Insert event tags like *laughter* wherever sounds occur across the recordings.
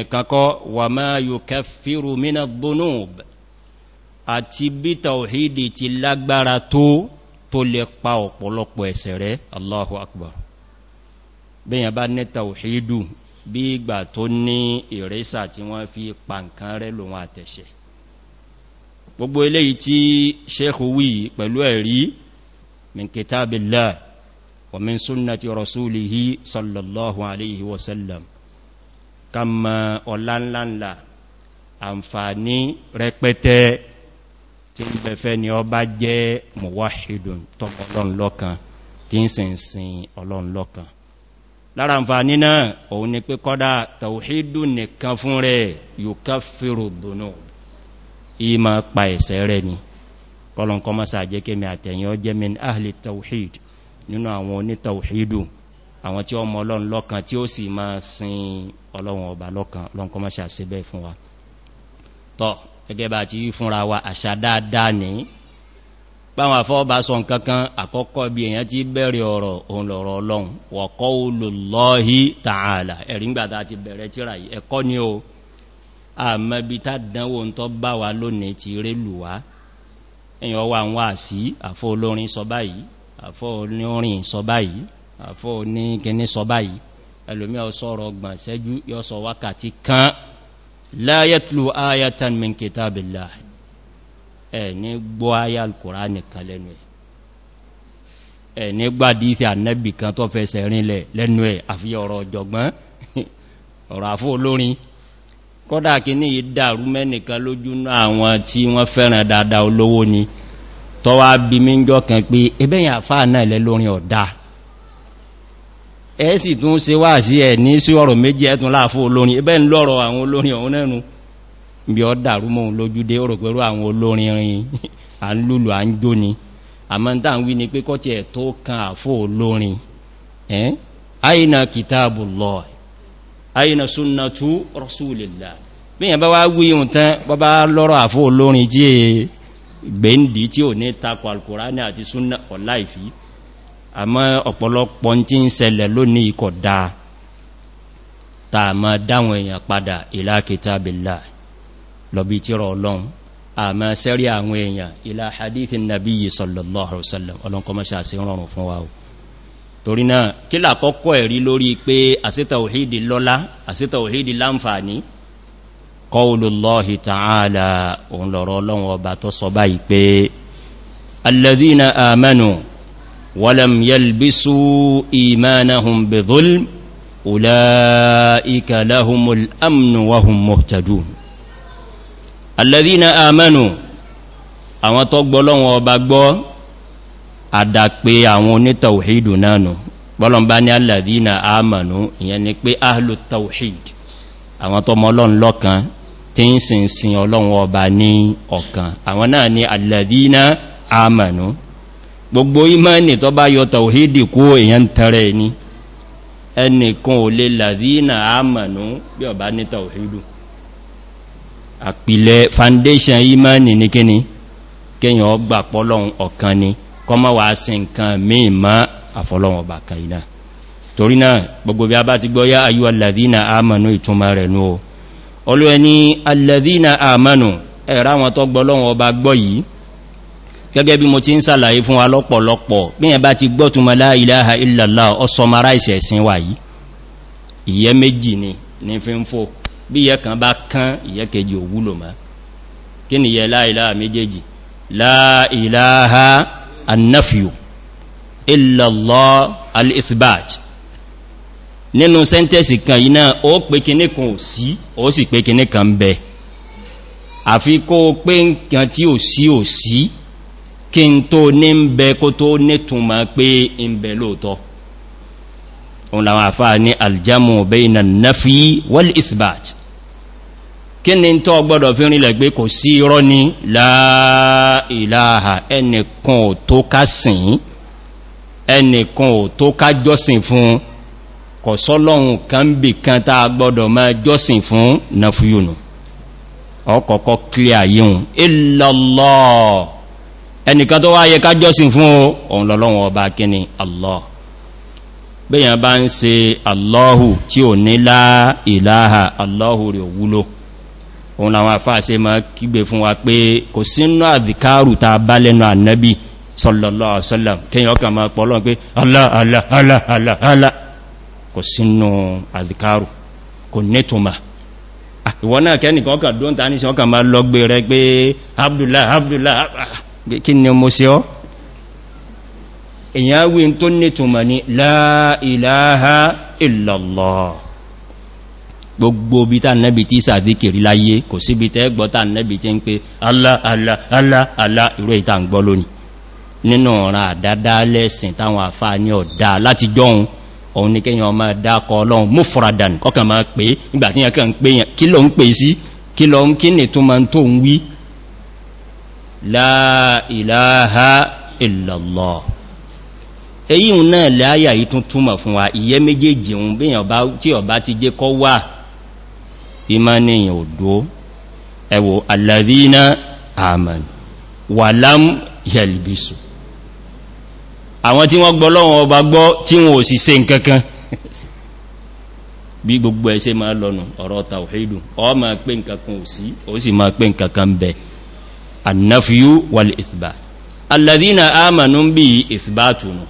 nìkan kọ́ wà máa yukaffiru mina dhunub àti bí tàwídì ti lágbára tó tó lè pa ọ̀pọ̀lọpọ̀ ẹ̀ṣẹ̀ rẹ̀ Allahu akbar bẹ́yàn bá ní tàwídù bí ìgbà tó ní ìrẹ́sà tí wọ́n fi pa rẹ̀ lòun àtẹ̀ṣẹ̀ gbogbo eléyìí tí Sheikh wí pẹ̀lú ẹ̀rí min wa min sunnati rasulihi sallallahu alaihi wasallam kama mọ ọlá ńláńlá àǹfàní rẹpẹtẹ tí ń bẹ̀fẹ́ ni ọ bá jẹ́ mọ̀wáhìdùn tọ́mọ ọlọ́nlọ́kan tí ń sin sin ọlọ́nlọ́kan lára àǹfàní náà òun ni pé kọ́dá tàwíhìdùn nìkan fún rẹ̀ yóò fèrò dùnú ìmọ̀ pa ẹ̀sẹ̀ rẹ̀ ni kọlọ̀nkọ́ mọ́sá jẹ́ kémi àtẹ̀yìn ọ jẹ́ min ahli tàwíhìd nínú àwọn ọlọ́run ọba lọ́kan ọlọ́run kọ́ mọ́ṣà sí bẹ́ẹ̀ fún wa tọ́ gẹ́gẹ́ bá ti yí fúnra wa àṣà dáadáa ní páwọn afọ́ọ̀bá sọ nkankan àkọ́kọ́ bí èyàn ti bẹ̀rẹ̀ ọ̀rọ̀ òun lọ̀rọ̀ ọlọ́run wọ̀kọ́ olùlọ́hí tààlà ni o àmọ́bí tá dánwò tó bá wa lónìí ti sọ báyìí àfọ́ oníorin sọ sọ báyìí ẹlòmí ọ̀sọ́rọ̀ ọgbọ̀n ṣẹ́jú yọ́sọ wákàtí kan la yatlu ayatan min kitabillah ẹni gbọ́ ayá al-Qur'ani kan lẹ́nu ẹ̀ ẹni gbádìísì annabi kan tó fẹsẹ̀ rinlẹ̀ lẹ́nu ẹ̀ àfi ọ̀rọ̀ ọ̀jọ̀gbọ́n *laughs* ọ̀rọ̀ àfó olórin kọ́dà kí ní ìdàrú mẹ́nìkan lójú náà àwọn tí wọ́n fẹ́ràn dáadáa olówó ni tọ́wàá bí mi kan pé ẹbẹ́yìn àfáà náà lẹ́ ọ̀dáa ẹ sì tún ṣe wá sí ẹ̀ ní sí ọ̀rọ̀ méjì ẹ̀tún láàfó olórin ẹbẹ́ ń lọ́rọ̀ àwọn olórin ọ̀hún nẹ́nu bí ọ dàrú mọ́ òun lójúdé ọ̀rọ̀ pẹ̀lú àwọn olórin rin à ń lùlù à ń jó ni àmọ́ntà ń wí ni pé kọ́tí ẹ̀ tó kan àfó olórin ẹ́n kìtàbùlọ́ àmọ́ ọ̀pọ̀lọpọ̀ tí ń ṣẹlẹ̀ lónìí ikọ̀ dáa ta ma dáwọn èèyàn padà ilá kìtàbílà lọ́bí tíra ọlọ́run a ma sẹ́rí àwọn èèyàn ilá hadithin nabi yi sallallahu alaihi wasallam ọlọ́n kọlùlọ́hì tààlà òun lọ̀rọ̀ ọlọ́run ọba tó sọ báyìí pé alladhina amanu ولم يلبسوا إيمانهم بظلم أولئك لهم الأمن وهم مهتدون الذين آمنوا àwọn tó gbọ́lọ́wọ́ ọba gbọ́ àdàpé àwọn onítàwòhìdù nánú gbọ́lọ́mbá ní alladhina amanu ìyẹn ni pé ahlu tawhid àwọn tó mọ́lọ́n lọ́kan tí ń sin sin ọlọ́wọ́ ọba ní ọ̀kan àwọn náà ni alladhina amanu gbogbo imani tó bá yọ tàwídì kó èyàn tẹ̀rẹ ní ẹnìkan ò lè làzínà àmànú bí ọba ní tàwídù àpìlẹ̀ foundation imani ní kíni kíyàn ọgbà pọ́lọ́un ọ̀kan ni kọ mọ́ wà sí nǹkan míì má àfọ́lọ́wọ̀n ọba kan iná torí náà gbogbo bí a bá ti gbọ́ yá ayú alàzínà àmànú ìtumà rẹ̀ nú olú ẹni alàzínà àmànú ẹ̀rá tó gbọ́lọ́wọ̀n ọba gbọ́ yìí gẹ́gẹ́ bí mo ti ń sàlàyé fún wa lọ́pọ̀lọpọ̀ bí bá ti gbọ́túnmọ̀ la ilaha illallah ọsọmara ìsẹ̀sìn wà yìí ìyẹ́ méjì ni ní fi ń fò bí ìyẹ́ kan bá kán ìyẹ́ kejì òwúlò má kí ni yẹ la ilaha méjèèjì la ilaha annafiyu illallah al-ithbat nínú sẹ́ntẹ́sì kan yìí náà ó pé kinní kan ò sí ó sì pé àfi kó pé nǹkan tí ò sí ò sí kí n tó ní ń bẹ kó tó nítùnmà pé ń bẹ lóòtọ́ òun làwọn àfáà ní aljamu bayna nafi wal isbat kí ni tó gbọ́dọ̀ fi rinlẹ̀ pé kò sí irọ́ ní la ilaha ẹnìkan ò tó ká sìn ẹnìkan ò tó ká jọ́sìn fún kò sọ́lọ́hun kan bì kan tá gbọ́dọ̀ máa jọ́sìn fún nafiyunu ọkọ̀kọ́ clear yíhun illallah ẹnìkan tó wáyé kájọ́sìn fún òun lọ́lọ́wọ́ ọba kíni allah bíyàn bá ń se allahu tí ò ní láìláha allahu rẹ̀ wúlò òun làwọn àfáàṣe ma kígbe fún wa pé kò sínú àdìkárù ta bá lẹ́nu ànẹ́bí sọ̀lọ̀lọ́ ìwọ̀n náà kẹ́nìkan ọkà dóntà ní ṣe ọkà ma lọ gbé rẹ pé abdullahi abdullahi kí ni mo se ọ́ èyàn wí tó nìtùmọ̀ ní láìláha ìlọ̀lọ̀ gbogbo bí tá nẹ́bì tí sàdíkìrí láyé kò síbi tẹ́ gbọ́ tá nẹ́bì tí ń pé allah allah allah allah ìró ìta ń gbọ́ lónìí nínú ọ̀ràn àdádá lẹ́sìn táwọn àfá ní ọ̀dá láti jọun òun ní kíyàn ọmọ dákọ ọlọ́run mú fúradàn kọ́kàn máa pè sí kí kí láìláha ìlọ̀lọ̀ èyí ń náà láyà yìí tún túnmọ̀ fún wa ìyẹ́ méjèèjì ohun bí tí ọba ti jẹ́ kọ́ wà ìmánìyàn òdó ẹwò alàríná àmàn wà lám yẹ̀lìbìsù àwọn tí wọ́n gbọ́lọ́wọ́n ọba gbọ́ tí wọ́n ò sì se nkankan bí gbogbo ẹ̀ṣẹ́ máa lọ́nu ọ̀rọ̀ tàwíìdù ọ annafiyu wal ithbat alladhina amanu bi ithbatunu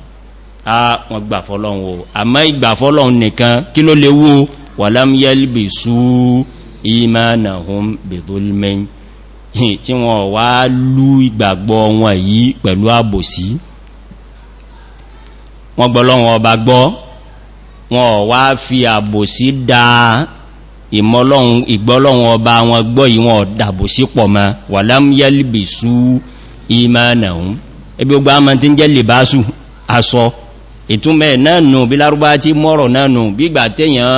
a wọn gbà fọ́lọ́run o àmọ́ ìgbà fọ́lọ́run nìkan kí ló léwu walam yalbisu imanahum bidhulmin tí wọ́n wá lú ìgbàgbọ́ wọn yìí pẹ̀lú àbòsí wọ́n gbọ́lọ́wọ́n ọba gbọ́ wọn wá fi àbòsí dáa ìgbọ́lọ́run ọba wọn gbọ́ ìwọ̀n dàbò sípọ̀ ma wà lámúyẹ́lìbì sú ìmánàun ẹbí ogbà mọ́ tí ń jẹ́ lè bá sú asọ ìtúnmẹ̀ náà nù bí lárúbá tí mọ́rọ̀ náà nù bí gbà tẹ́yàn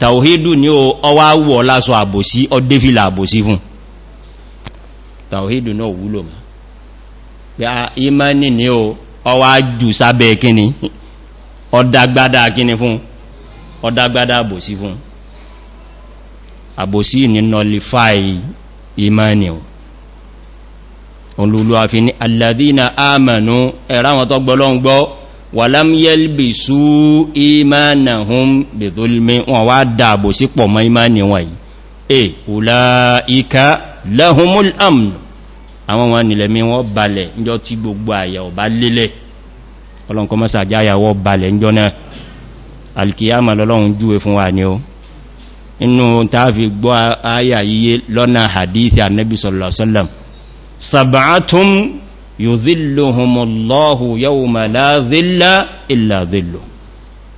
tàwídù ní ọwá wọ̀ lásọ àbòsí ọdéfìlà àbòsí fún tàwídù náà wúlò fún àbòsí ni nọlifáì imani olùlú àfi ní alladhina amanu ẹ̀rá wọn tó gbọ́lọ́n gbọ́ walam yalbisu imanahum bidhulmi wọn wá dáàbò sí pọ̀ mọ́ ìmánì wọn yìí e ulaika lahumul amn àwọn wọn nílẹ̀ mi wọ́n balẹ̀ njọ́ tí gbogbo àyà ọ̀bá lélẹ̀ ọlọ́nkọ́ mọ́sàjáyà wọ́n balẹ̀ njọ́ náà alkiyama lọ́lọ́run júwe fún wa ni o inú tààfi gbọ́ ayà yíye lọ́nà hadithi annabi sallallahu alaihi wasallam sab'atun yudhilluhumullahu yawma la dhilla illa dhillu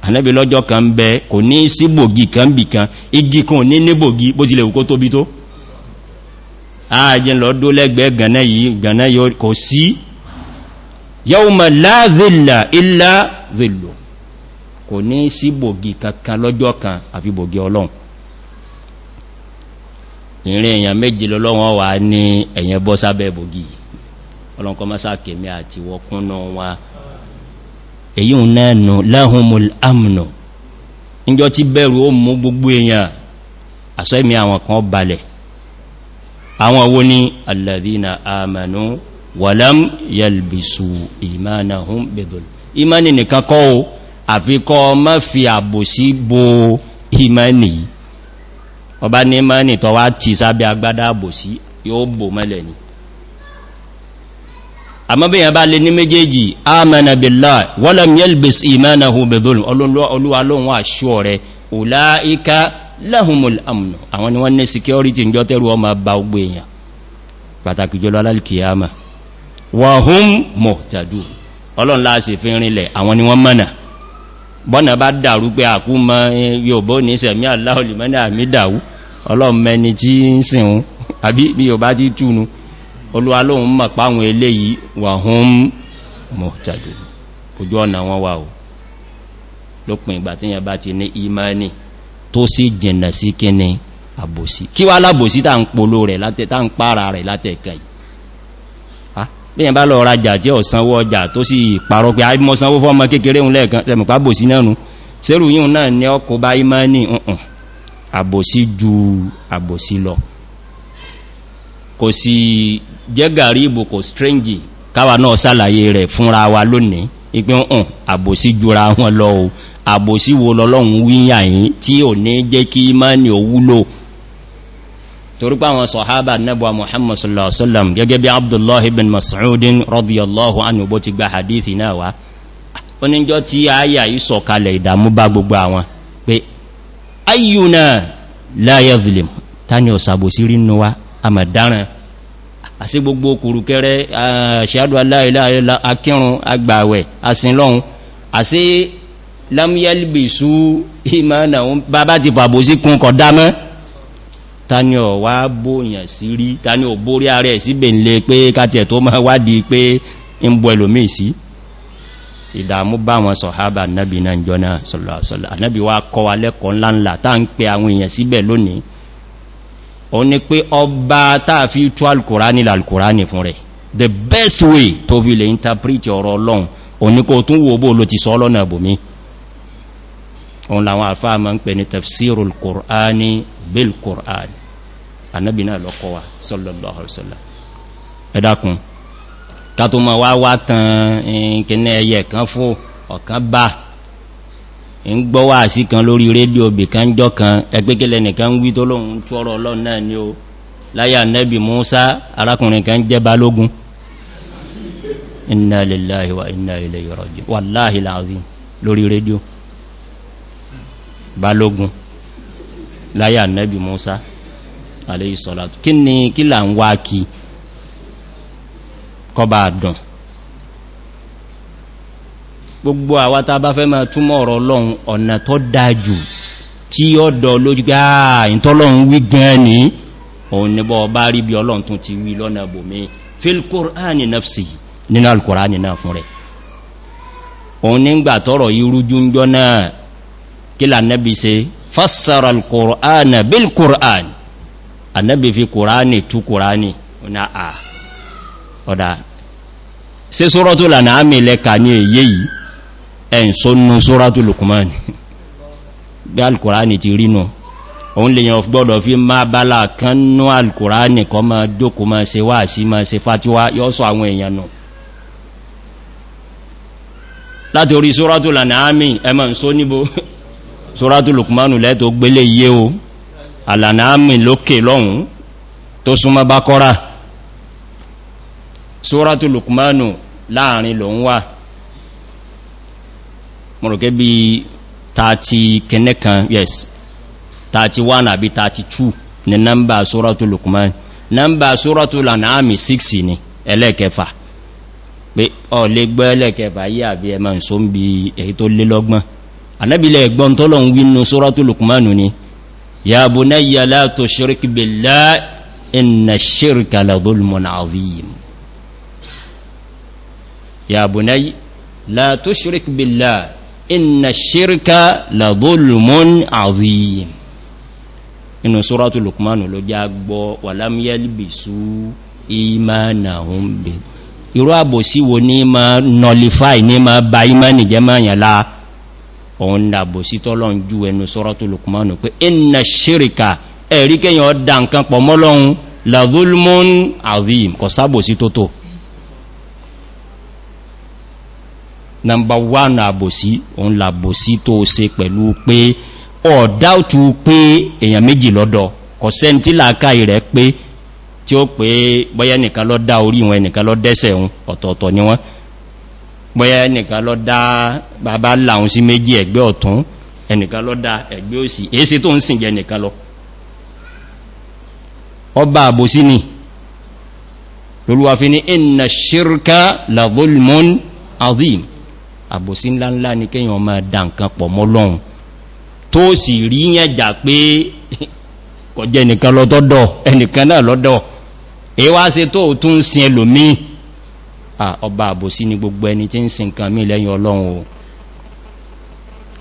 annabi lọ́jọ́ kan bẹ kò ní sí bògì kan bì kan igi kan ní ní bògì bó tilẹ̀ wù kó tóbi tó ààjẹ́ lọ dó lẹ́gbẹ̀ẹ́ gànà yìí gànà kò sí yawma la dhilla illa dhillu kò ní sí bògì kankan lọ́jọ́ kan àfi bògì ọlọ́run ìrìn èyàn méjì lọ́wọ́n wà ní ẹ̀yẹn bọ́ sábẹ́ bògì ọlọ́nkọ́ mọ́sáàkèmí àti wọkúnnà wa èyí ń nẹ́nu lahumul amnu níjọ tí bẹ̀rù ó mú gbogbo èyàn àṣọ ìmì àwọn kan balẹ̀ àwọn owó ní alladhina imani ọba ní mọ́ni tọ́ wá ti sábẹ́ agbádá àbò sí yóò bò mọ́lẹ̀ ni àmọ́bìyàn bá lè ní méjèèjì amana billah walam yalbis imanahu bidhulm olúwa lóhun àṣọ rẹ̀ ulaika lahumul amnu àwọn ni wọ́n ní security ń jọ́tẹ́rù ọmọ bá ogbé èèyàn pàtàkì jọlọ alálìkìyàmà wahum muhtadun ọlọ́nlá sì fi rinlẹ̀ àwọn ni wọ́n mọ́nà bọ́nà bá dàrú pé àkú mọ yóòbó ní sẹ̀mí aláhùlùmọ́nà àmì dàrú ọlọ́mẹni tí ń sìnwún àbí bí yóò bá ti túnu olúwa lóhun mọ̀ páwọn eléyìí wà hún mọ̀ tàbí ojú ọ̀nà wọn wà lópin ìgbà tí imani tó sì jìnà sí kíni àbòsí kí wá lábòsí tá ń polo rẹ̀ látẹ̀ tá ń bí i bá lọ rajà tí ó sanwó ọjà tó sì parọ́ pé àìmọ́ sanwó fọ́mọ kékeré ń lẹ́ẹ̀kan tẹ̀mùpá bòsí náà nù sẹ́rù yíò náà ní ọkọ̀ bá imá ní ǹkan àbòsí ju àbòsí lọ kò sí jẹ́gàrí ìbò kò stringi káwà náà sàlàyé rẹ̀ fúnra wa lónìí ipin ǹkan àbòsí jura wọn lọ àbòsí wo lọ́lọ́run wíyàn yìí tí ò ní jẹ́ kí imá ní òwúlò torípa àwọn sọ̀hábà nẹ́bà Muhammad sallallahu alaihi wasallam gẹ́gẹ́ bí Abdullah ibn Mas'udin radiyallahu anhu bó ti gba hadithi náà wá oníjọ́ tí àyà yìí sọ̀kalẹ̀ ìdàmú bá gbogbo àwọn pé ayyuna la yadhlim tani ò sàbòsí rínú wa a mọ̀ dáràn àti gbogbo kùrùkẹrẹ ṣàdù aláìláìlá akírun agbàwẹ̀ asìnlọ́hun àti lam yalbisu ìmọ̀ náà tani ọ̀ wá bóyàn sí rí tani ò bórí ààrẹ síbẹ̀ ń lè pé káti ẹ̀ tó máa wádìí pé ń bọ ẹlòmí sí ìdàmú bá wọn sọ̀hábà nábi náà jọna sọ̀lọ̀sọ̀lọ̀ anábi wá kọ́ wa lẹ́kọ̀ọ́ ńláńlá tá ń pe àwọn èèyàn síbẹ̀ lónìí o ní pé ọba táà fi tú alkùránì lalkùránì fún rẹ̀ the best way to be le interpret ọ̀rọ̀ ọlọ́run o ní kò tún wo bó lo ti sọ ọlọ́nà bòmí òun làwọn àfáà ma ń pè ní tafsiru al-qur'ani bil qur'ani annabi náà lọ́kọ́ wa sallallahu alaihi wasallam ẹ dákun ká tó ma wá wá tan kìnnà ẹyẹ kan fó ọ̀kan bá ń gbọ́ wá sí kan lórí rédíò bì kan jọ kan ẹgbẹ́gẹ́lẹ̀ nìkan wí tó lóhun tọ́rọ ọlọ́run wa inna ilayhi raji'un wallahi alazim lórí rédíò balógun láyà nẹ́bì Musa aléìsọ́látù kí ni kí là ń wá kí kọba àdùn gbogbo àwa tá bá fẹ́ máa túmọ̀ ọ̀rọ̀ Ọlọ́run ọ̀nà tó dájú tí ó dọ̀ lójú gáà ah, ìtọ́lọ́run wí gan ní òun ní bá rí bí Ọlọ́run tún ti wí lọ́nà bòmí fil Qur'ani nafsi nínú al náà fún rẹ̀ òun nígbà tọ́rọ̀ irújú ń jọ náà kílà nẹ́bí se fassara al-qur'ana bil qur'an annabi fi qur'ani tu qur'ani na a ọ̀dá sí sórọ́tù lànà àmì lẹ́ka ní èyí yìí ẹ̀yìn sónú sórọ́tù lukumani *laughs* bí al-qur'ani ti rínú òun lè yàn gbọ́dọ̀ fi má bálá kan nú al-qur'ani kọ ma jókù ma se wá sí ma se fatiwa yọ́ sọ àwọn èèyàn náà láti orí sórọ́tù lànà àmì ẹmọ̀ ń só níbo *laughs* sóràtù lukmanu lẹ́tò gbélé yé o alànàámi lókè lọ́hun tó súnmọ́ bá kọ́rà sóràtù lukmanu láàrin lòun wà mọ̀rọ̀kẹ́ bí 30 kẹ́nẹ́kan yes 31 àbí 32 ni nọ́mbà sóràtù lukmanu nọ́mbà sóràtù lànàámi 6 ni ẹlẹ́kẹfà pé ọ lè gbọ́ ẹlẹ́kẹfà yí àbí ẹmà ń ń bí èyí tó lé lọ́gbọ́n anábìlẹ̀ ẹ̀gbọ́n tọ́lọ̀ ń wínú sóràtù lukmanu ni ya bunayya la tushrik billah inna shirka la dhulmun azim ya bunayya la tushrik billah inna shirka la dhulmun azim inú sóràtù lukmanu ló já gbọ́ walam yalbisu imanahum bi irú òun dàbò sí tọ́lọ́n jú ẹnu sọ́rọ́ tó lùkùnmánù pé iná ṣíríkà ẹ̀rí kẹyàn ọdá nǹkan pọ̀ mọ́lọ́run lazulmon avim kọ sábò sí tótó nàmbà wánà àbòsí òun làbòsí tó se pẹ̀lú pé ọ̀dáùtù pé èyàn méjì lọ́dọ̀ kọ̀ sẹ́ntí làákà rẹ̀ pé tí ó pé bọ́yẹ́ nìkan lọ́dá orí wọn nìkan lọ́dẹ́sẹ̀ wọn ọ̀tọ̀ọ̀tọ̀ ni wọ́n bóyá ẹnìkan lọ dá bàbá láhun sí méjì ẹgbẹ́ ọ̀tún ẹnìkan lọ dá ẹgbẹ́ òsì èése tó ń sìn jẹ ẹnìkan lọ ọba àbòsí ni lóluwà fi ní ẹnà ṣírká lavulmon azim àbòsí ńláńlá ní kíyàn ọmọ dá nǹkan pọ̀ mọ́lọ́run tó sì rí yẹn jà pé kọjẹ ẹnìkan lọ́tọ́dọ̀ ẹnìkan náà lọ́dọ̀ èwá se tó tún sin ẹlòmíì ọba àbòsí ní gbogbo ẹni tí ń sin kan mí lẹ́yìn ọlọ́run o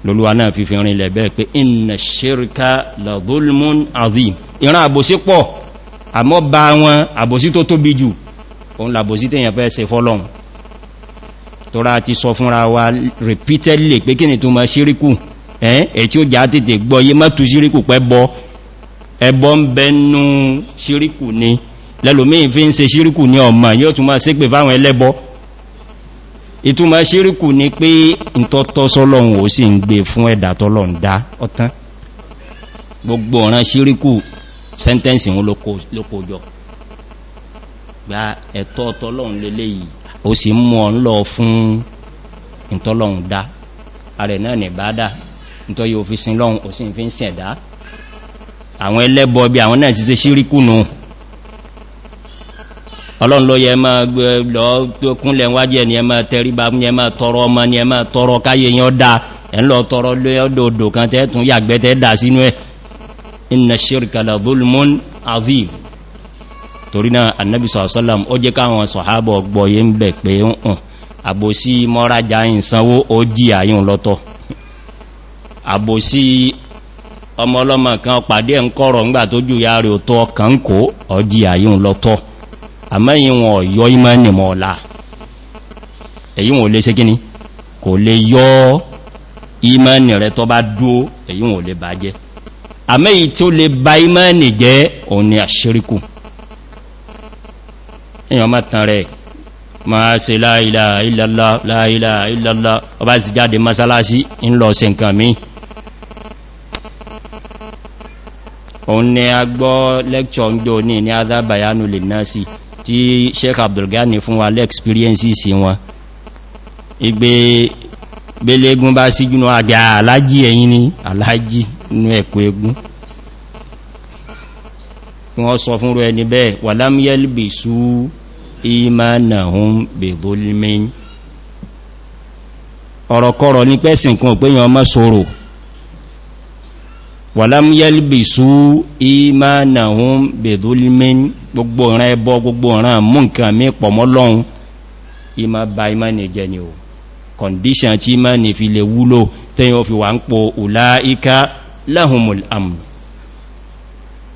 lolúwa náà fífi rin lẹ̀ bẹ́ẹ̀ pé inna ṣírka lọ́dúlmún azim ìran àbòsí pọ̀ àmọ́ bá wọn àbòsí tó tóbi jù òun làbòsí tèyàn fẹ́ se fọ́lọ́run tọ́ra ti sọ fúnra wa repeatedly pé kí tó ma ṣíríkù ẹ́ èyí ó já tètè gbọ́ yé mọ́tù ṣíríkù pẹ́ bọ́ ẹbọ́ ń bẹ́nu ṣíríkù ni lẹ́lòmí fi ń se ṣíríkù ní ọmọ yóò túnmọ̀ sí pé fáwọn ẹlẹ́bọ ìtumọ̀ ṣíríkù ni pé ìtọ́tọ́ sọ́lọ́run ò sì ń gbé fún ẹ̀dà tọ́lọ́run dá ọ̀tán gbogbo ọ̀ràn ṣíríkù sẹ́ntẹ́nsì wọn lókójọ gba ẹ̀tọ́ tọ́lọ́run lélẹ̀ yìí àwọn ẹlẹ́bọ bí àwọn náà ti ṣe ṣíríkù nù ọlọ́run ló yẹ ma lọ kúnlẹ̀ wájú ẹni ẹmà tẹríba ní ẹmà tọrọ ọmọ ní ẹmà tọrọ káyé yán dá ẹ̀ ń lọ tọrọ lóyọ́dòdò kan tẹ́ẹ̀tún yàgbẹ́tẹ́ dà sínú ẹ̀ inna shirka la zulmun azim torí náà annabi sallam ó jẹ́ káwọn sọ̀hábọ̀ gbọ́yé ń bẹ̀ pé ń àbòsí mọ́rajà ìsanwó ó jí àyín lọ́tọ̀ àbòsí ọmọ ọlọ́mọ kan pàdé ẹ̀ ń kọ́rọ̀ ńgbà àmẹ́yìn wọn yọ ìmánì mọ́ ọ̀la èyí wọn ò lè ṣe kíní kò lè yọ ìmánì rẹ tó bá dúó èyí wọn ò lè bá jẹ́ àmẹ́yì tí ó lè ba ìmánì jẹ́ òun ni àṣíríkù èyàn má tán rẹ̀ máa ṣe la ilaha illallah la ilaha illallah ọba sì jáde masalasi ń lọ ṣe nǹkan míì òun ni a gbọ́ lẹ́kṣọ̀ ń gbò ní ní azábayánu lè náà sí tí sheik Ghani fún wa lẹ́experiences wọn igbe belégun bá sí jùnà àgbà alájí ẹ̀yìn ni alájí inú ẹ̀kọ́ egun wọ́n sọ fún rọ ẹni bẹ́ẹ̀ wà lámúyẹ́lìbì sú ìmánàhún bèbólímẹ́yìn ọ̀rọ̀kọ́rọ̀ ní pẹ́sìn kan òpéyàn ọmọ sọ́rọ̀ wàlám yẹ́lbì sú ìmánàhún bèdúlmín gbogbo ọ̀rán ẹbọ gbogbo ọ̀rán mú nǹkan mí pọ̀mọ́ lọ́un ìmá bá ìmánì jẹ ni o kọndíṣàn tí ìmánì fi lè wúlò tẹ́yìn ó fi wà ń po ùláíká láhùnmùl àmù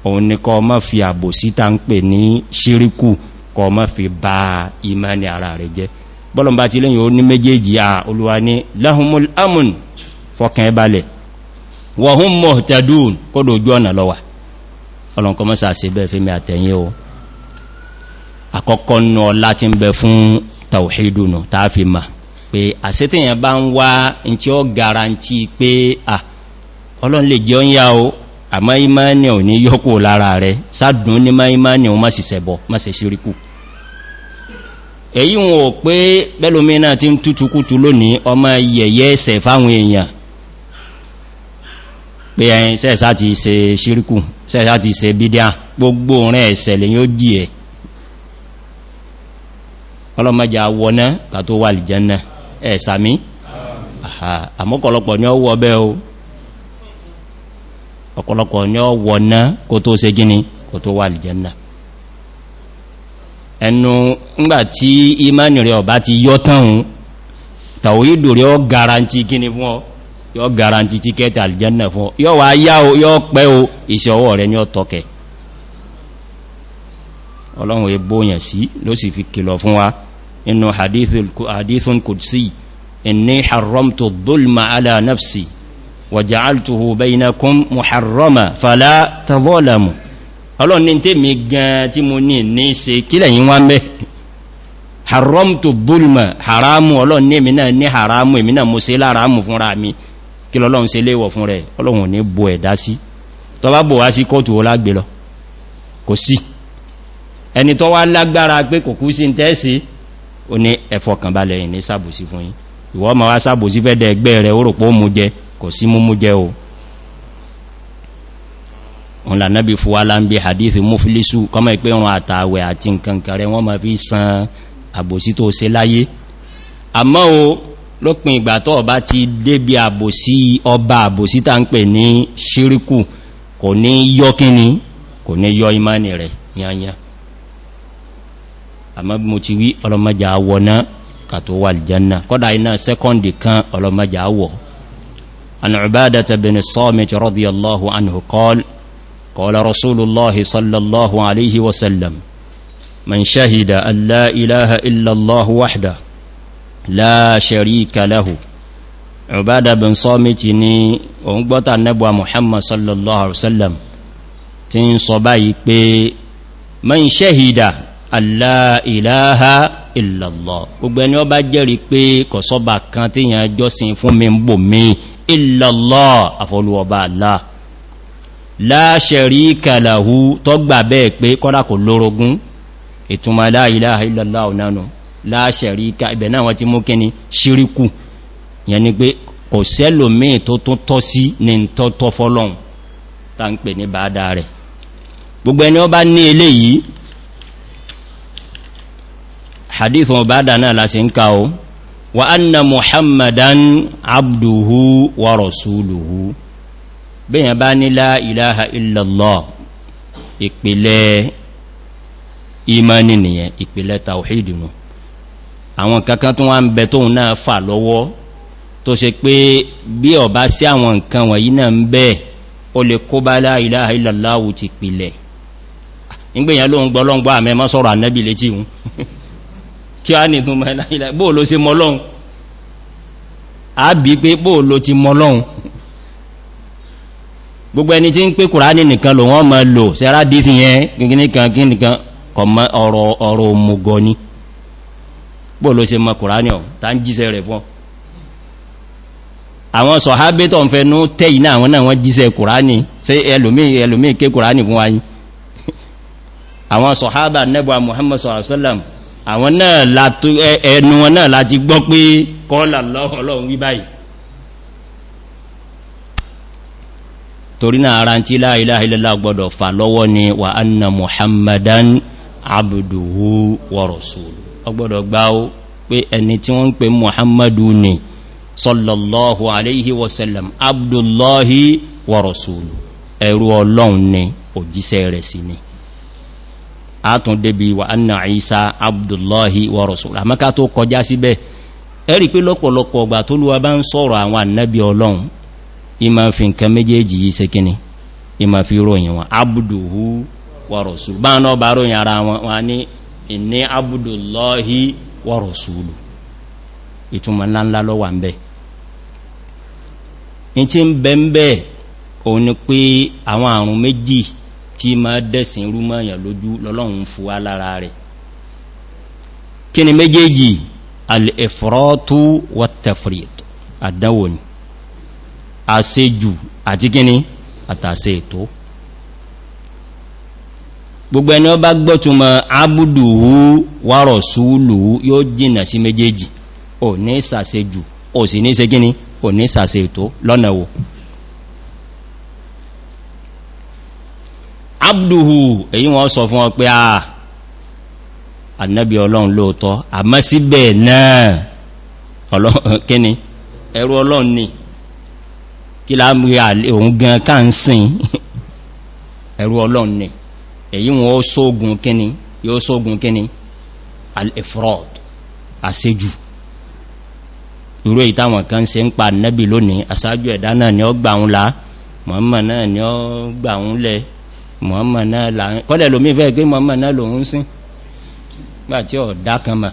òun ni kọ ma fi láhùnmùl àmù wọ̀hún hum muhtadun kódò ojú ọ̀nà lọ́wà ọlọ́nkọ́ mọ́sá sí bẹ́ẹ̀ fi mẹ́ àtẹ̀yìn o àkọ́kọ́ nọ ọlá ń bẹ fún tàwíìdùnù tàà fi ma pé àsẹ́tẹ̀yàn bá ń wá in tí ó garanti pé à ọlọ́n lè jẹ́ ọ́nyá o imani ò ní yọ́kù lára sádùn ní má imani o má sì sẹ̀bọ̀ síríkù èyí wọn ò pé ti ń tútukútu lónìí ọmọ yẹ̀yẹ́ fáwọn pé ẹ̀yìn sẹ́ẹ̀sá ti ṣe ṣíríkù sẹ́ẹ̀sá ti se bídíà gbogbo rẹ̀ ẹ̀sẹ̀ lè yóò jí ẹ̀ ọlọ́mọdé àwọná kàtó wà lè jẹ́nà ẹ̀sàmí àmọ́kọ̀lọpọ̀ ní ọwọ́ ọbẹ̀ o ọ̀pọ̀lọpọ̀ ní ọwọ́ ná kó tó ṣe gíní kó tó wà lè jẹ́nà ẹnu ngbàtí imánì rẹ̀ ọ̀bá ti yọ́ tán tàwí ìdò ọ garanti gíní fún ọ yọ garanti tíkẹ́tì aljanna fún yọ wà yá o yọ pẹ́ o iṣẹ́ ọwọ́ rẹ̀ ní ọ̀tọ̀kẹ̀ ọlọ́run ebóyàn sí ló sì fi kìlọ̀ fún wa inú hadithun kudsi inni haramtu dhulma ala nafsi wa ja'altuhu bainakum muharrama fala tadhalamu ọlọ́run ní tèmi gan tí mo ní ní ṣe kílẹ̀ yín wá mẹ́ haramtu dhulma haramu ọlọ́run ní èmi náà ní haramu èmi mo ṣe láramu fúnra mi kí lọ́lọ́run ṣe léwọ̀ fún rẹ̀ ọlọ́run ní bo ẹ̀dá sí tó bá bò wá sí kóòtù wọ́n lágbé lọ kò sí ẹni tó wá lágbára pé kò kú sí tẹ́ẹ̀sí ó ní ẹ̀fọ̀kànbalẹ̀ ìní sàbòsí fún yín ìwọ ma wá sàbòsí fẹ́dẹ̀ ẹgbẹ́ rẹ̀ ó rò pó mú jẹ kò lópin ìgbà tó ọba ti débi àbòsí ọba àbòsí ta ń pè ní ṣíríkù kò ní yọ kíní kò ní yọ ìmáni rẹ̀ yányá àmọ́ mo ti wí ọlọ́mọjà wọ náà kà tó wà aljanna kọ́dá iná sẹ́kọ́ndì kan ọlọ́mọjà wọ an ubadata bin samit radiyallahu anhu la sharika lahu Ubada bin Samit ni òun gbọ́ta nẹ́bọ̀ Muhammad sallallahu alaihi wasallam tí ń sọ báyìí pé man shahida alla ilaha illallah gbogbo ẹni ó bá jẹ́rìí pé kò sọ́bà kan tí yàn jọ́sìn fún mi ń bò mí illallah àfọlúọba Allah la sharika lahu bẹ́ẹ̀ pé kọ́dà kò lórogún ìtumọ̀ la ilaha la sharika ibẹ̀ náà wọ́n ti mú kíni ṣíríkù yẹn ni pé kò sẹ́lò míì tó tún tọ́ sí ní tọ́ tọ́ fọ́lọ́un ta ń pè ní bàádá rẹ̀ gbogbo ẹni ó bá ní eléyìí hadithun bàádá náà la ń ká o wa anna muhammadan abduhu wa rasuluhu bẹ́yàn bá ní la ilaha illallah ìpìlẹ̀ imani nìyẹn ìpìlẹ̀ tawhidinu no àwọn kankan tó wá ń bẹ tóun náà fà lọ́wọ́ tó ṣe pé bí ọba sí àwọn nǹkan wọ̀nyí náà ń bẹ o lè kó bá la ilaha illallahu ti pìlẹ̀ nígbèyàn ló ń gbọ́lọ́ngbọ́ àmẹ́ mọ́ sọ́rọ̀ ànẹ́bì létí hun *laughs* kí a nìtún bóò ló ṣe mọ́lọ́un a bí pé bóò ló ti mọ́lọ́un gbogbo ẹni tí ń pé kùránì nìkan lò wọ́n mọ́ lò sẹ́rá dìí fi yẹn kíkíníkan kíníkan ọ̀rọ̀ òmùgọ̀ ni bó ló ṣe mọ̀ kùránì ọ̀ tá ń jíṣẹ́ rẹ̀ fún àwọn sọ̀hábé tó ń fẹ́ ní tẹ́ iná àwọn náà wọ́n jíṣẹ́ kùránì sí ẹlòmí ẹlòmí ké kùránì fún wáyí àwọn sọ̀hábà nẹ́bà Muhammad sọ̀rọ̀sọ́làm àwọn náà ẹnu wọn náà láti gbọ́ pé kọ́lá lọ́họ̀lọ́hun wí wa anna ọgbọ́dọ̀ gbá ó pé ẹni tí wọ́n ń pè muhammadu ni sallallahu alaihi wasallam abdullahi wa rasulu ẹrú ọlọ́run ni òjíṣẹ́ rẹ̀ sí ni a tún débi wa anna isa abdullahi wa àmọ́ká tó kọjá síbẹ̀ ẹ̀rí pé lọ́pọ̀lọpọ̀ ọgbà tó lúwa bá ń sọ̀rọ̀ àwọn annabi wa rasulu ìní abúdùlọ́hí wọ́rọ̀súlù ìtumọ̀ ńláńlá lọ wà ń bẹ̀. in ti ń bẹ̀ ń bẹ̀ òun ni pé àwọn àrùn méjì tí ma dẹ̀sìn rúmọ̀yàn lójú lọ́lọ́run fúwá lára rẹ̀ kí ni méjèèjì al'efrọ́tú wọ́tẹ̀frit àdáwò ni àṣejù àti kíni àtàṣe ètò gbogbo ẹni ó bá gbọ́túnmọ̀ abúdùhú wárọ̀ súúlùú yóò jìnà sí méjèèjì O ní sàse jù O sì ní se gíní ò ní sàse ètò lọ́nà wo abúdùhú èyí wọ́n sọ fún ọ pé a annabi ọlọ́run lóòtọ́ àmọ́ síbẹ̀ náà kíni ọlọ́run ni èyí wọn ó sógun kíni yóò sógun kíni al-ifrad àṣejù irú èyí táwọn kan ṣe ń pa nẹ́bì lónìí aṣáájú ẹ̀dá náà ni ó gbà ń la Muhammad náà ni ó gbà ń lẹ Muhammad náà la kọ́lẹ̀ lómi fẹ́ gbé Muhammad náà lòun sín gbà tí ó dákan mà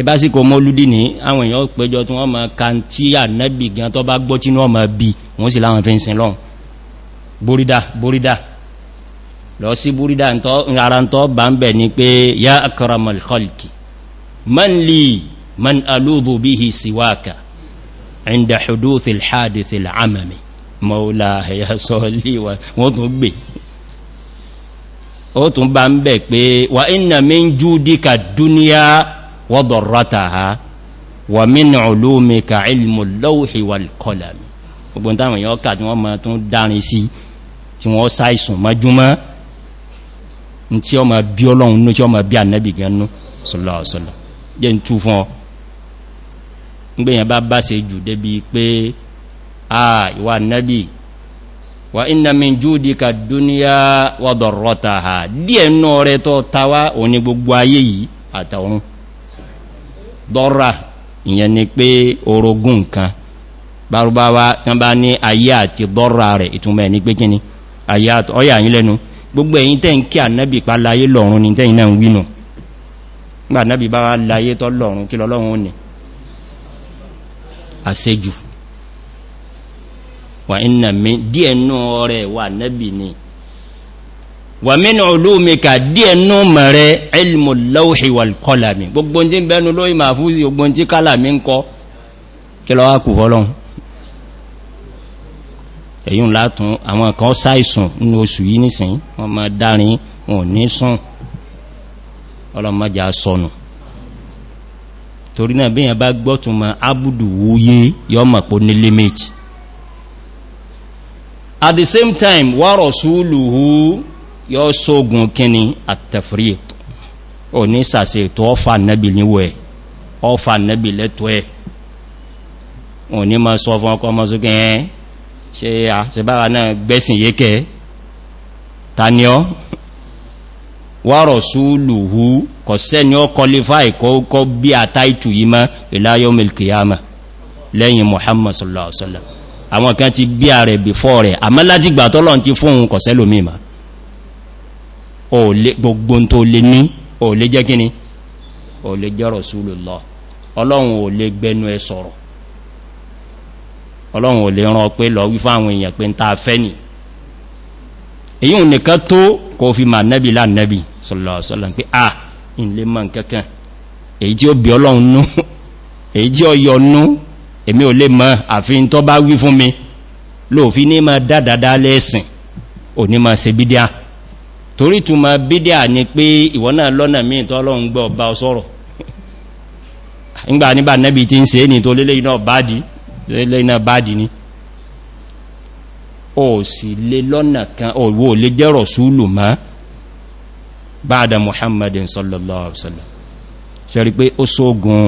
ẹbá sí kò mọ́lúdí ní àwọn èèyàn péjọ tí wọ́n ma ka tí ànẹ́bì gan tó bá gbọ́ tí wọ́n ma bí wọ́n sì láwọn fi ń sin lọ́hun búrídà búrídà lọ sí búrídà ara tọ́ bá ń bẹ̀ ní pé ya akramal khalki man li man alúdhu bihi siwaka inda huduthi alhadithi al'amami maula ya sọ́lí wọ́n tún gbé ó tún bá ń bẹ̀ pé wa inna min júdíka dúníyà wọ́dọ̀rọ̀taha wa min ulumika ilmul lawhi wal qalam gbogbo táwọn èèyàn kà tí wọ́n tún dárin sí tí wọ́n sáìsùn mọ́júmọ́ tí ó ma bí ọlọ́run ní tí ó ma bí ànẹ́bì gẹnú sọ́lọ́ọ̀sọ́lọ́ jẹ́ ń tú fún ọ gbìyàn bá bá se jù débi pé àà ìwà ànẹ́bì ha díẹ̀ tawa òní gbogbo ayé yìí àtàrun dọ́ra ìyẹn ni pé orogún nǹkan bárúbáwá tán bá ní ayé àti dọ́ra rẹ̀ ìtumẹ̀ ní pé kíni àyàtọ̀ ọyà yìí lẹ́nu gbogbo ẹ̀yin tẹ́ ń kí ànábì pa láyé lọ́run ní tẹ́yìn náà wínú gbà ànábì bá wá láyé tọ́ lọ́run kí lọ́lọ́run ó ní àṣejù wà iná mi díẹ̀ nú ọrẹ wà ànábì ni wà mínú olóòmìkà díẹ̀ nú mẹ́rẹ ilmù lọ́wọ́hì wà kọlàmì gbogbo èyí látún àwọn kan sáìsùn nínú oṣù yìí nìsìn wọ́n ma dárin wọn ní sùn ọlọ́mọjà sọnù torí náà bí yẹn bá gbọ́tún ma ábùdù wúyé yọ́mà pò ní limit at the same time wà rọ̀súlùhú yọ́ sógun kíni àtẹ̀fríètò ò ní sàṣe ètò ọfà nẹ́bì níwọ̀ ẹ̀ ọfà nẹ́bì lẹ́tọ̀ ẹ̀ ò ní ma sọ fún ọkọ̀ ọmọ sókè ẹ́ ṣe àṣẹbára náà gbẹ́sìn yékẹ́ taniọ́ wa rasuluhu kọ̀ sẹ́ni ó kọlifáì kọ́ bí a táìtù yìí mọ́ ila yawmil lẹ́yìn Muhammad sallallahu alaihi wasallam àwọn before rẹ̀ àmọ́ láti gbà tọ́lọ́n ti fóhun kọ̀ sẹ́lòmíìmá ó lè gbogbo tó lè ní ó lè jẹ́ kíni ó lè jẹ́ ọlọ́run ò lè gbẹnu ẹ sọ̀rọ̀ ọlọ́run ò lè ràn pé lọ wí fáwọn èèyàn pé ń ta fẹ́ nì èyí ò nìkan tó kò fi ma nẹ́bì lánẹ́bì sọ̀lọ̀sọ̀lọ̀ pé à ilé mọ̀ kankan èyí tí ó bí ọlọ́run nú èyí tí ó yọ nú èmi ò lè mọ̀ àfihàn tó bá wí fún mi lóòfin ní ma dáadáa lẹ́ẹ̀sìn ò ní ma se bídíà torí túnmà bídíà ni pé ìwọ náà lọ́nà míì tó ọlọ́run gbọ́ ọba ọsọ́rọ̀ nígbà nígbà nẹ́bì ti ń se ní tó lélẹ́yìn náà bá dìí ilẹ̀ iná báàdì ní o sì lè lọ́nà kan òwò lé jẹ́ rọ̀súlù má báadà muhammadin sallallahu alaihi wasallam sẹ́rí pé ó sógun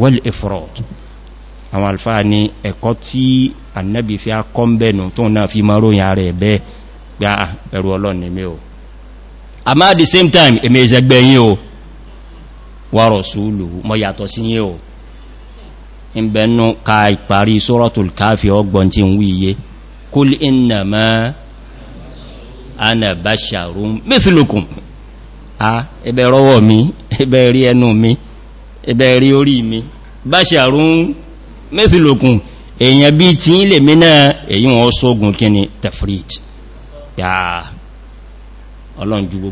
wal ifrọ̀t àwọn alfáà ni ẹ̀kọ́ tí annabi fi akọ́mbẹ̀nù tó náà ah, o àmá at the same time èmì ìṣẹ́gbẹ̀yìn o wà rọ̀súlù mọ́ yàtọ̀ sí yín ń bẹnu ka ìparí suratul káfí ọgbọ̀n tí ń wí iye kul innama ana basharun mithlukum a ẹbẹ̀ rọwọ́ mi ẹbẹ̀ rí ẹnu mi ẹbẹ̀ rí orí mi basharun mithlukum èèyàn bí tí ń lè mínà èyí wọn sógun kíni tafrit yàá ọlọ́njú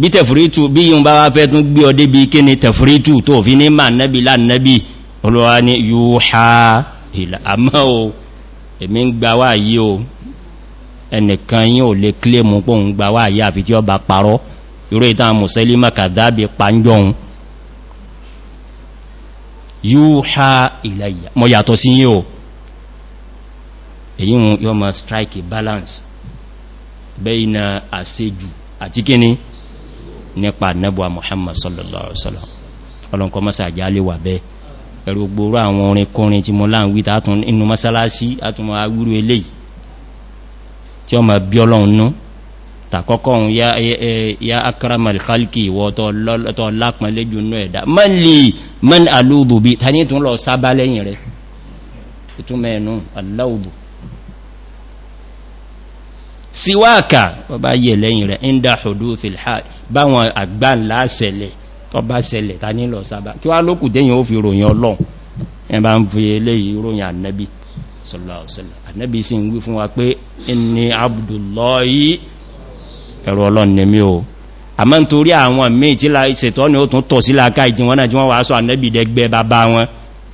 bí tẹ̀fúrítù bí yíò bá wá fẹ́ tún gbé ọdé bí kí ni tẹ̀fúrítù tó fi ní ma nẹ́bí lánẹ́bí olówá ní yóò ha ìlà àmọ́ o èmi ń gba wá yí o ẹnìkan yí o lè kílé mú pọ̀ ń gba wá yí àfi tí ó bá parọ́ irú ìta mùsẹ́lì makadábi panjọun yóò ha ìlà yàtọ̀ sí yí o èyí wọn ma strike balance bẹ́ na àṣejù àti kíni nípa nẹ́bùwa muhammad sallallahu alaihi wasallam ọlọ́nkọ mọ́sàájá lè wà bẹ́ẹ̀ ẹ̀rù gbòrò àwọn orin kọrin tí mo láàrín wíta tún inú mọ́sálásí àtúnmọ̀ awúrú eléyìí tí ó ma ohun ya akramal khalki ìwọ tọ́ lápọn léjú inú ẹ̀dá man lè man alóòdù bí ta ní tún lọ sábá lẹ́yìn rẹ̀ ìtúnmẹ̀ ẹ̀nu alóòdù síwáàkà wọ́n bá yẹ lẹ́yìn rẹ̀ ń dáhùdú fìlhá báwọn àgbàǹlá sẹlẹ̀ tó bá sẹlẹ̀ ta nílọ sábà kí wá lókù tẹ́yìn ó fi ròyìn ọlọ́run ẹ ń fi sallallahu alaihi wasallam annabi sì ń wí abdullahi ẹ̀rọ ọlọ́run ni mí o àmọ́ nítorí àwọn míì tí ṣètọ́ ni ó tún tọ̀ sí láàká ìjì wọn náà jí wọ́n wá sọ ànẹ́bì dẹgbẹ́ bàbá wọn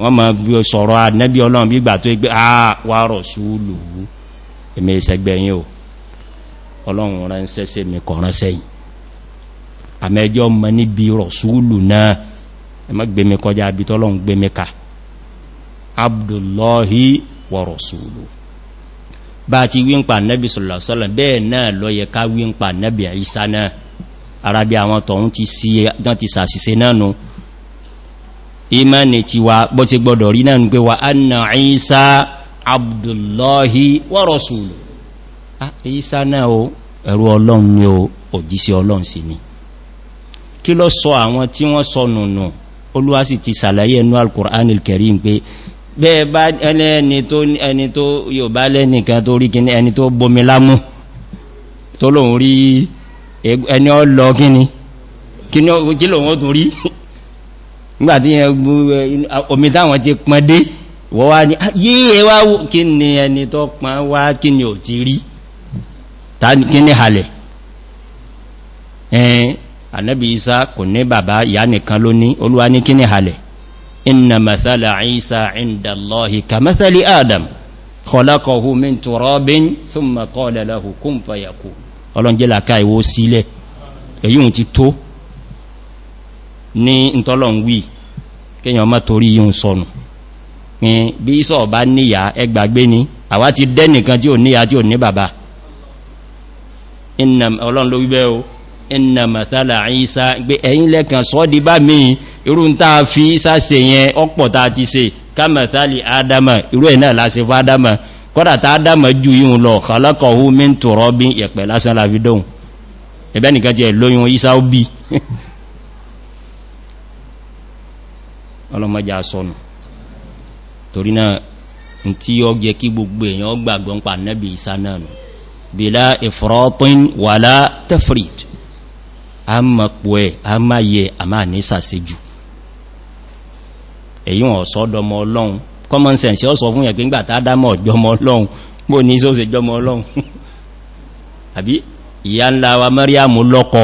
wọ́n ma sọ̀rọ̀ ànẹ́bì ọlọ́run bí gbà tó ẹgbẹ́ àwárọ̀ súúlù èmì ìṣẹ́gbẹ̀yìn o ọlọ́run ránṣẹ́ sí mi kọ̀ ránṣẹ́ yìí àmẹ́jọ́ mọ níbi rọ̀súùlù náà ẹ má gbé mi kọjá bí tọ́lọ́run gbé mi abdullahi wa rọ̀súùlù bá ti wíńpa nẹ́bì sọ̀lọ̀sọ́lọ̀ bẹ́ẹ̀ náà lọ yẹ ká wíńpa nẹ́bì àìsá náà ara bí àwọn tọ̀hún ti sí imani ti wa bọ́ ti gbọdọ̀ wa anna àìsá abdullahi wa ìsá náà o ẹ̀rù ọlọ́run ni o òjísí ọlọ́run sí ni kí ló sọ àwọn tí wọ́n sọ nùnù olúwa sì ti sàlàyé ẹnu alkùránil karim pé bẹ́ẹ̀ bá ẹni tó yóò bá lẹ́nìkan tó rí kíní ẹni tó bomi lámú tó lòun rí ẹni ọlọ kíní kí lòun ó rí *laughs* nígbàtí omi táwọn ti pọn dé wọ́n wá ní yíyẹ wá kí ni ẹni tó pọn wá kí ni ò ti rí kí ní halẹ̀ ẹn ànábì isa kò ní bàbá ìyá nìkan ló ní olúwa ní kí ní halẹ̀ inna mathala isa inda allahi ka mathali adam khalaqahu min turabin thumma qala lahu kun fayakun ọlọ́njẹ́lá ká ìwó sílẹ̀ èyí ò ti tó ní ìtọ́lọ̀ ń wí kíyàn má torí yíò sọnù pín bí ìsọ̀ bá níyà ẹgbàgbé ni àwá ti dẹ́nìkan tí ò níyà tí ò ní bàbá ọlọ́run ló wíbẹ́ o isa gbé ẹ̀yìn lẹ́kàn mi irú ń taa fi isa se yẹn ọpọ̀ ta ti se ká mathali adama irú ẹ̀ náà láse fún adama kọ́dà ta adama ju yíò lọ khalaqahu min turabin yẹ̀pẹ̀ lásán láfi dóhun ẹ̀bẹ́ nìkan ti ẹ̀ lóyún isa ó bí *laughs* ọlọ́mọjá sọnù torí náà tí ó jẹ kí gbogbo èèyàn bílá ìfọ́rọ́pín wàlá tefrid a mọ̀ pọ̀ ẹ̀ a má yẹ a máa ní sàṣejù èyí wọn sọ́dọmọ ọlọ́run common sense yọ́ sọ fún yẹ̀ gbígbà tá dámọ̀ ọjọ́mọ ọlọ́run bó ní só se jọmọ ọlọ́run *laughs* àbí ìyá ńlá wa mẹ́ríàmù lọ́kọ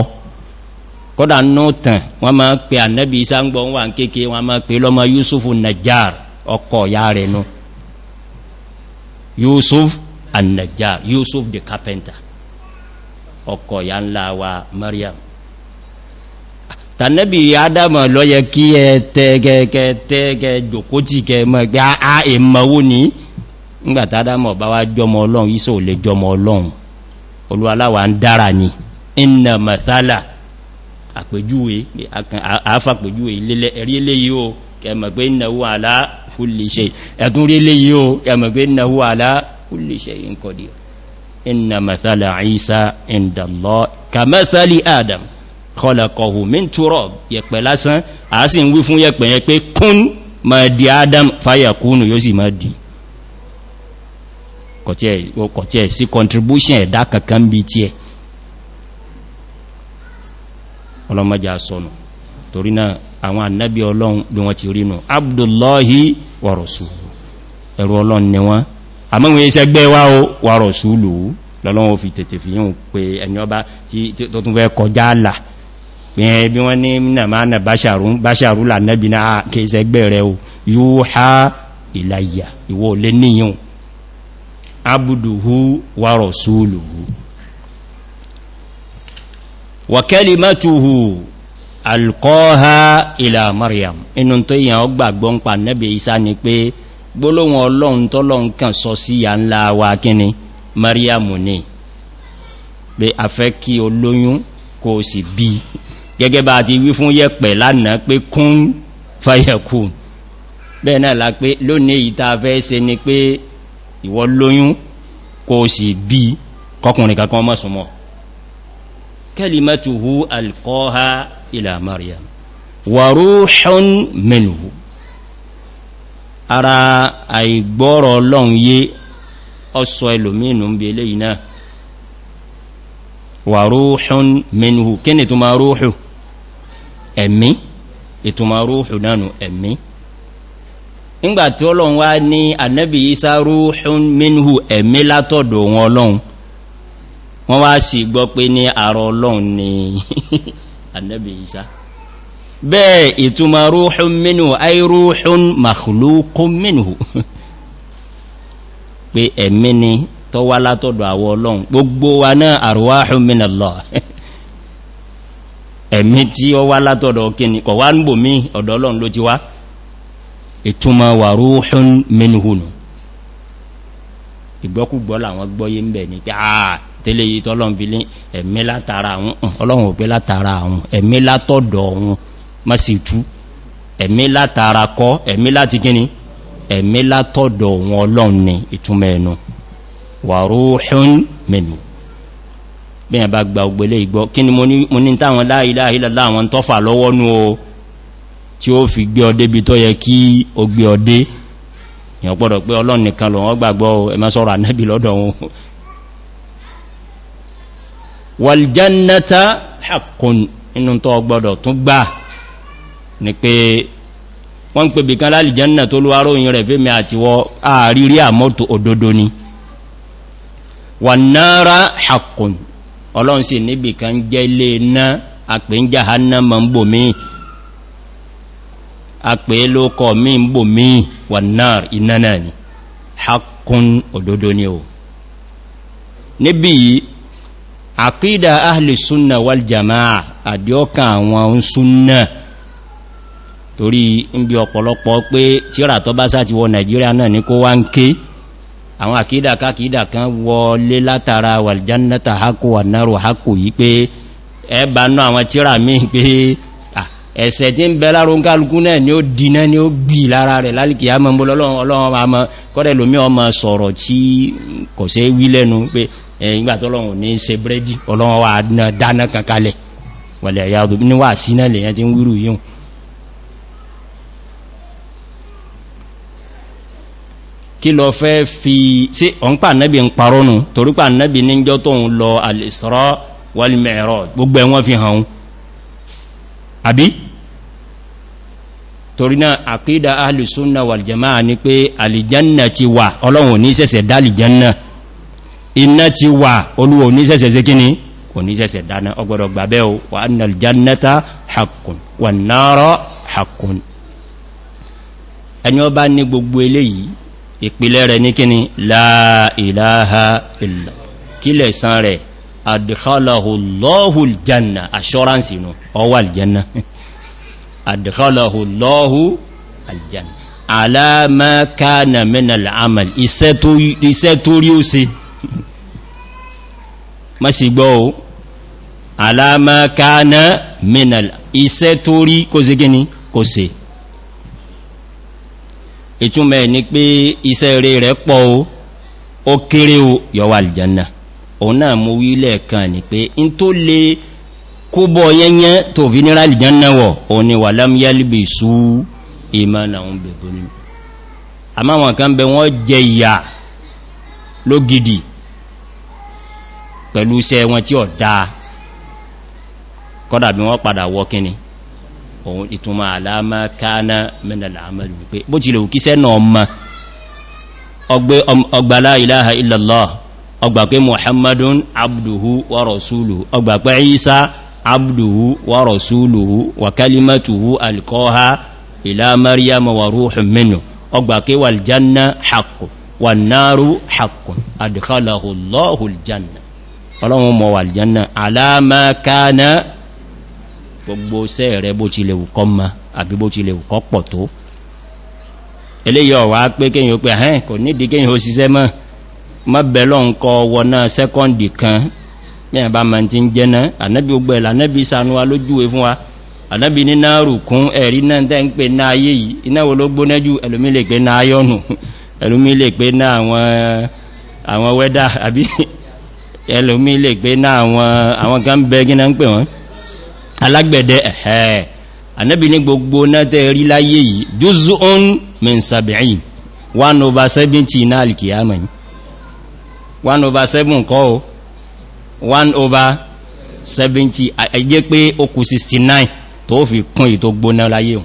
kọ́dà nọ́tàn wọ́n máa pè ànẹ́bí sáńgbọ́ wà ń kéèké wọ́n máa pè lọ́mọ yusuf najar ọkọ̀ ya rẹ̀ nù yusuf annajjar yusuf the carpenter ọkọ ya ńlá wa maryam tànẹ́bì adama lọ́yẹ kí ẹ tẹ́gẹ́gẹ́ tẹ́gẹ́ jòkótí kẹ mọ́ gbá a ah, ah, èmọ̀wó ní ńgbàtà adama bá wá jọmọ ọlọ́run iṣẹ́ ò lè jọmọ ọlọ́run olúwaláwà ń dára ní iná mẹ́sálà àpèjúwe àáfàpèjúwe ilé ẹ̀rí eléyìí o kẹmọ̀ pé kulli shay'in qadir inna mathala Isa inda Allah kamathali Adam khalaqahu min turab yẹ̀pẹ̀ lásán a sì ń wí fún yẹ̀pẹ̀ yẹn pé kún ma di Adam fayakunu yóò sì ma di kọ̀tí ẹ̀ sí contribution ẹ̀dá kankan bí tí ẹ̀ ọlọ́mọjá sọnù torí náà àwọn annabi ọlọ́run bí wọ́n ti rínú abdullahi wa ẹ̀rọ ọlọ́run ni wọ́n àmọ́wọ̀n iṣẹ́ gbẹ́ wá ó wàrọ̀ súlù lọ́lọ́wọ́ fi tètè fi yíò pé ẹni ọba tó tún fẹ́ kọjá àlà bí wọ́n ní nàmánà báṣàrú lànẹ́bì náà kéèṣẹ́ gbẹ́ o yóò há ìlàyà ìwọ olé níyàn gbólóhùn ọlọ́run tọ́lọ́run kan sọ sí ya ńlá wa kíni mariamu ni pé a fẹ́ kí olóyún kò sì bí gẹ́gẹ́ bá ti wí fún yẹ̀pẹ̀ lánàá pé kún fayekun bẹ́ẹ̀ náà la pé lónìí ìta fẹ́ ṣe ni pé ìwọ lóyún kò sì bí kọkùnrin kankan mọ́sùnmọ́ kalimatuhu alqaha ila mariam wa ruhun minhu ara àìgbọ́rọ̀ ọlọ́run yé ọsọ ẹlòmínú ń bí eléyìí náà wà rúhùn minhu kí ni ìtumà rúhù ẹ̀mí ìtumà rúhù nánú ẹ̀mí ńgbàtí ọlọ́run wá ní ànẹ́bì isa rúhùn ẹ̀mí látọ̀dọ̀ wọn ọlọ́run wọ́n wá sì gbọ́ pé ní ni *laughs* ànẹ́bì isa bẹ́ẹ̀ ìtumà rúhùn mínú ay rúhùn makhlúkún mínú *laughs* pé ẹ̀mí ni tó wá látọ̀dọ̀ àwọ ọlọ́run gbogbo wa náà àrùwáhùn mínàlọ́ *laughs* ẹ̀mí tí ó wá látọ̀dọ̀ kíni kọ̀ wá ń bò mí ọ̀dọ̀ ọlọ́run ló ti wá ìtumà wà rúhùn mínú ìgbọ́kúgbọ́ ma sì tú ẹ̀mí látara kọ́ ẹ̀mí láti gíní ẹ̀mí látọ̀dọ̀ wọn ọlọ́run ni ìtumẹ̀ ẹnu wà rúhún mẹ́nu bí ẹ̀ bá gba ògbélé ìgbọ́ kí ni mo ní táwọn láìláìlá àwọn tọ́fà lọ́wọ́ nú o tí ó fi gbé ọdé bí tó yẹ kí ó gbé ọdé èyàn pé ọlọ́run nìkan lọ wọ́n gbàgbọ́ ẹmọ́ sọ́rọ̀ ànẹ́bì lọ́dọ̀ wọn wàljannata haqqun inú tó gbọ́dọ̀ tún gbà ni pé wọ́n ń pè bí kan lálìjánà tó ló aróyìn rẹ̀ fẹ́ mẹ́ àti wọ ààrírí àmọ́tò òdodo ni wà nára haqqun ọlọ́run sì níbì kan jẹ́ ilé iná àpè ń jahanna ma ń bò mí àpè lókọ̀ mí ń bò mí wà náà iná náà ni haqqun òdodo ni o níbi yìí àkídà ahli sunna wal jama'a àdíọ́kà torí ń bí ọ̀pọ̀lọpọ̀ pé tíra tó bá sáti wọ nàìjíríà náà ní kó wá ń ké àwọn àkídà kákídà kan wọlé látara wàljánnáta hako wà náà hako yí pé ẹbà náà àwọn tíra mí pé ẹ̀sẹ̀ tí ń bẹ láró ń kálukú náà ni ó dínà ni ó gbì lára rẹ̀ lálìkì àmọ́ ọlọ́run wà dáná kankalẹ̀ wàlẹ̀ ìyàdùn níwà sínà lèyàn ti ń wírù yíò kí lọ fẹ́ fi sí ọ̀npá nẹ́bì ń parónù torípa nẹ́bì níjọ́ tó ń lọ al-Isra wal-Mi'raj gbogbo ẹ̀wọ́n fi hàn àbí torí náà àkídà ahlùsúnnà wal-jama'a ní pé alìjanna ti wà ọlọ́run ní sẹ̀sẹ̀ dá alìjanna iná ti wà olúwo ní sẹ̀sẹ̀ sí ẹni ọba ní gbogbo eléyìí ìpìlẹ̀ rẹ̀ ní kíni láìláha ìlà kílẹ̀ san rẹ̀ adìkọ́lọ̀hùlọ́hùl janna assurance inú ọwà aljanna *laughs* adìkọ́lọ̀hùlọ́hù aljanna alamaka na minal amal iṣẹ́ tó rí ó sí *laughs* masigbo alamaka na minal iṣẹ́ tó rí kó sí gini kó sí ìtúnmẹ̀ ní pé iṣẹ́ rere rẹ̀ pọ̀ o ó kéré o yọwà aljanna òun náà mú wílẹ̀ kan ní pé in tó lè kúbọ̀ yẹnyẹn tó fi níra aljanna wọ̀ o ni wà lámúyálìbì sú ìmánà òun bẹ̀bọ̀ ni àmá wọn kan bẹ wọ́n jẹ ìyà lógidi pẹ̀lú iṣẹ́ wọn tí ó dáa kọ́dà wọ́n padà wọ́ kíni òun ìtumọ̀ àlàmà káánà mẹ́nàlá àmàlù pé bó ti lè wù kíṣẹ́ náà ma ọgbà la ilaha illallah ọgbà pé muhammadun abduhu wa rasuluhu ọgbà pé isa abduhu wa rasuluhu wa kalimatuhu alqaha ila maryam wa ruhun minhu ọgbà pé wal janna haqqun naru haqqun adkhalahu allahul janna ọlọ́run mọ̀ wal alama kana gbogbo sẹ́ rẹ bó ti lè wùkọ́ ma àbí bó ti lè wùkọ́ pọ̀ tó eléyọ wá pé kíyàn ó pé ẹ̀hẹ́n kò nídi kíyàn ó siṣẹ́ mọ́ mọ́ bẹ̀lọ ma ti ń jẹ́nà ànábí ogbó ẹ̀lá ànábí sanuwa lójúwe fún wa ànábí ní náà rùkún ẹ̀rí náà tẹ́ ń pè náà ayé yìí iná wo ló gbóná jù ẹlòmí lè pé náà ayọ́nù *laughs* ẹlòmí lè pé náà àwọn wẹ́dà àbí *laughs* ẹlòmí lè pé náà àwọn gan bẹ́gínà ń pè wọ́n alágbẹ̀dẹ ẹ̀ẹ́ anẹ́bì ní gbogbo nẹ́tẹ̀ rí láyé yìí jùzú oún one sabi'in 1 over 70 náà alìkìyàmà ní 1 over seven kọ́ o 1 over 70 ẹjẹ́ pé ó kù 69 tó fi kún ìtò gbóná láyé o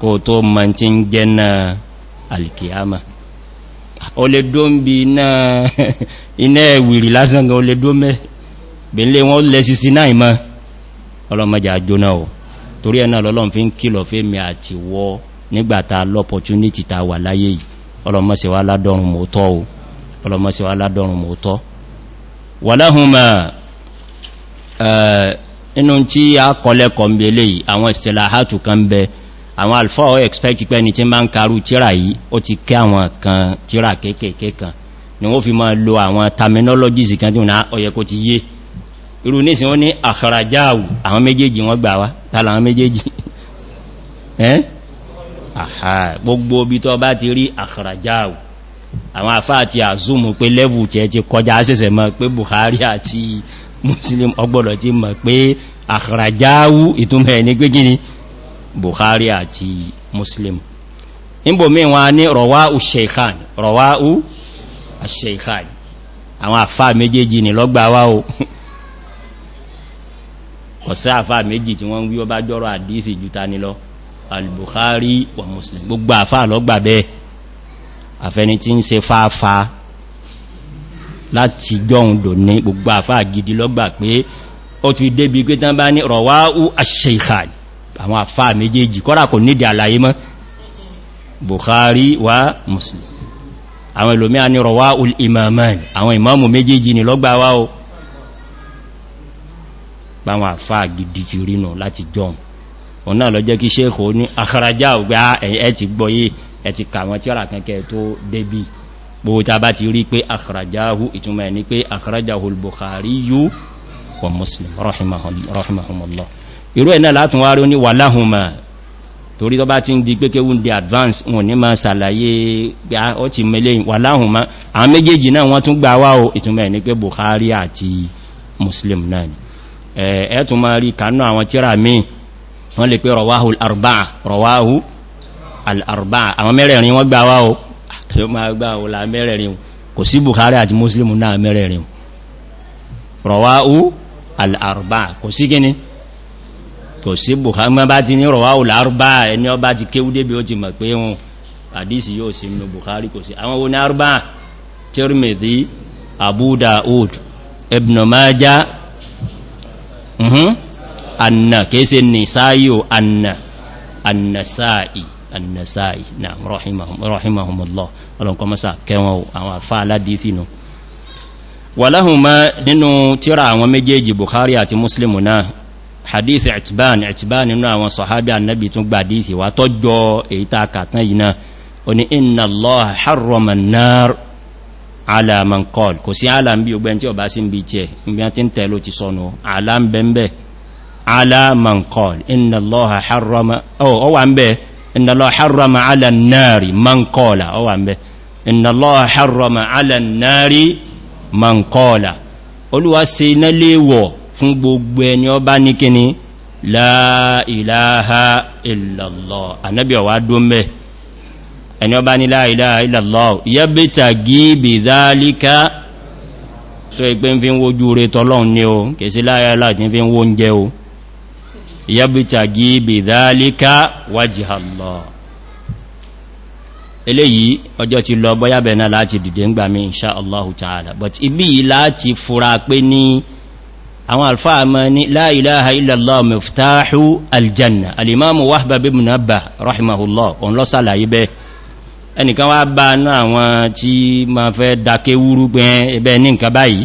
kò tó mọ̀ tí ń jẹ́ náà alìkìyàmà o lè dó ń bi iná ẹ̀wìrì lásán gan o lè dó mẹ́ bèèlé wọn lẹ 69 mọ́ ọlọ́mọjà jóná o torí ẹ̀nà lọ́lọ́n fi ń kílọ̀ fẹ́ mi àti wọ nígbàtà lọ́pọ̀túnítì ta wà láyé yìí ọlọ́mọsíwá ládọ́rùn mọ́tọ́ o ọlọ́mọsíwá ládọ́rùn mọ́tọ́ wàláhùnmà inú tí a kọlẹ́kọ̀ ń belé yìí àwọn ìsìláhátù kan ń bẹ àwọn alfa ọ̀ expect pé ní tí ma ń karú tíra yìí ó ti kẹ́ àwọn kan tíra kéèkéé kan ni wọ́n fi ma lo àwọn terminologies kan tí wọ́n ah, ó yẹ ti yé irú ní ìsìn wọ́n ní àkàràjáàwù àwọn méjèèjì wọ́n gbà wá tààlà àwọn méjèèjì *laughs* ẹ́n àhà gbogbo bí tọ́ bá ti rí àkàràjáàwù àwọn àfá àti àzúmù pé lẹ́vù tí ti kọjá sẹ́sẹ̀ mọ́ pé buhari àti muslim ọgbọ̀dọ̀ ti mọ̀ pé àkàràjáàwù ìtumẹ̀ ní gbégini buhari àti muslim níbòmí wọn ní rọwá ù sheikhan rọwá ù sheikhan àwọn àfá méjèèjì ni lọ́gbà wá o *laughs* ọ̀sẹ́ àfà méjì tí wọ́n ń wí ọba jọ́rọ̀ àdífì jùta nílọ al-bukhari wa muslim gbogbo àfà lọ́gbà bẹ́ẹ̀ àfẹni tí ń se fáfá láti jọun dò ní gbogbo àfà gidi lọ́gbà pé ó ti débi pé tán bá ní rọ̀wáú ash-shaykhan àwọn àfà méjèèjì kọ́rà bukhari wa muslim àwọn ìlòmí a ní rọ̀wáú al-imaman àwọn ìmáàmù méjèèjì ni báwọn àfá gidi ti rínà láti john wọn náà lọ jẹ́ kí ṣéèkò ní àkàràjá ògbà ah, ẹ ti gbọ́yé ẹ ti kà wọn tí ọ̀rà kankẹ tó débì gbogbo bá ti rí pé àkàràjáhù ìtumẹ̀ ní pé àkàràjáhù bukhari yú wa muslim rahimahumallah irú ẹ̀ náà látún wá rí ní wà láhùnmà torí tó bá ti advance wọn ní máa sàlàyé gbá ah, ó ti mẹ́lẹ̀ wà láhùnmà àwọn méjèèjì náà wọ́n tún muslim náà Eh, ẹ̀ẹ́tù máa rí kanú àwọn tíra mi wọ́n lè pé rọwáhù al'arba'a rọwáhù al'arba'a àwọn mẹ́rẹ̀rin wọ́n gbáwá o yóò máa gbáwó la mẹ́rẹ̀rin kò sí Bukhari àti Muslim náà mẹ́rẹ̀rin bá ti ní rọwáhù al'arba'a ẹni ọba ti kéwú débi ó ti mọ̀ pé wọn àdísì yóò sí inú Bukhari kò sí àwọn oní arba'a Tirmidhi Abu Dawud Mhm. anna kéèsè nìsáyò anna annasáì annasáì na rahimahumullah ọlọ́nkọmọ́sá kẹwọn àwọn àfá aládìífinu wàláhùnmá nínú tíra àwọn méjèèjì bukhari àti muslim náà hadith itiban itiban nínú àwọn sọ̀hábí annabi tún gbà dìífì wà tọ́jọ́ èyí ta kàtán yìí náà oní inna allah harrama nar alamanqol kò sí alam bí ogbẹ́ tí ọba sí ń bí tí ẹ̀ ibi tí ń tẹ̀lú ti sọ́nà alam bẹ̀m̀bẹ̀ alamanqol inna allaha harrama ó wà ń bẹ̀ inna allaha harrama ala nari manqola ó wà ń bẹ̀ inna allaha harrama ala nari manqola olúwa ṣe iná léèwọ̀ fún gbogbo ẹni ọba ní kíni la ilaha illallah anabi ọwa ẹni ọba ní la ilaha illallah yabtagi bidhalika tó ẹgbẹ́ ń fi ń wojú rẹ tọ́lọ́un ní o kèsí la ilaha tí ń fi ń wó ń jẹ́ o yabtagi bidhalika wajha Allah eléyìí ọjọ́ ti lọ bọ́yá bẹ̀ẹ̀nà láti dìde ń gbà mí insha Allahu ta'ala but ibi yìí láti fura pé ní àwọn alfáà mọ́ ní la ilaha illallah aljanna alimamu wahba bin munabbah rahimahullah òun lọ́sàlàyé bẹ́ẹ̀ ẹnìkan wá bá náà àwọn tí ma fẹ́ dáké wúrú gbẹn ẹbẹ́ ní nǹkan báyìí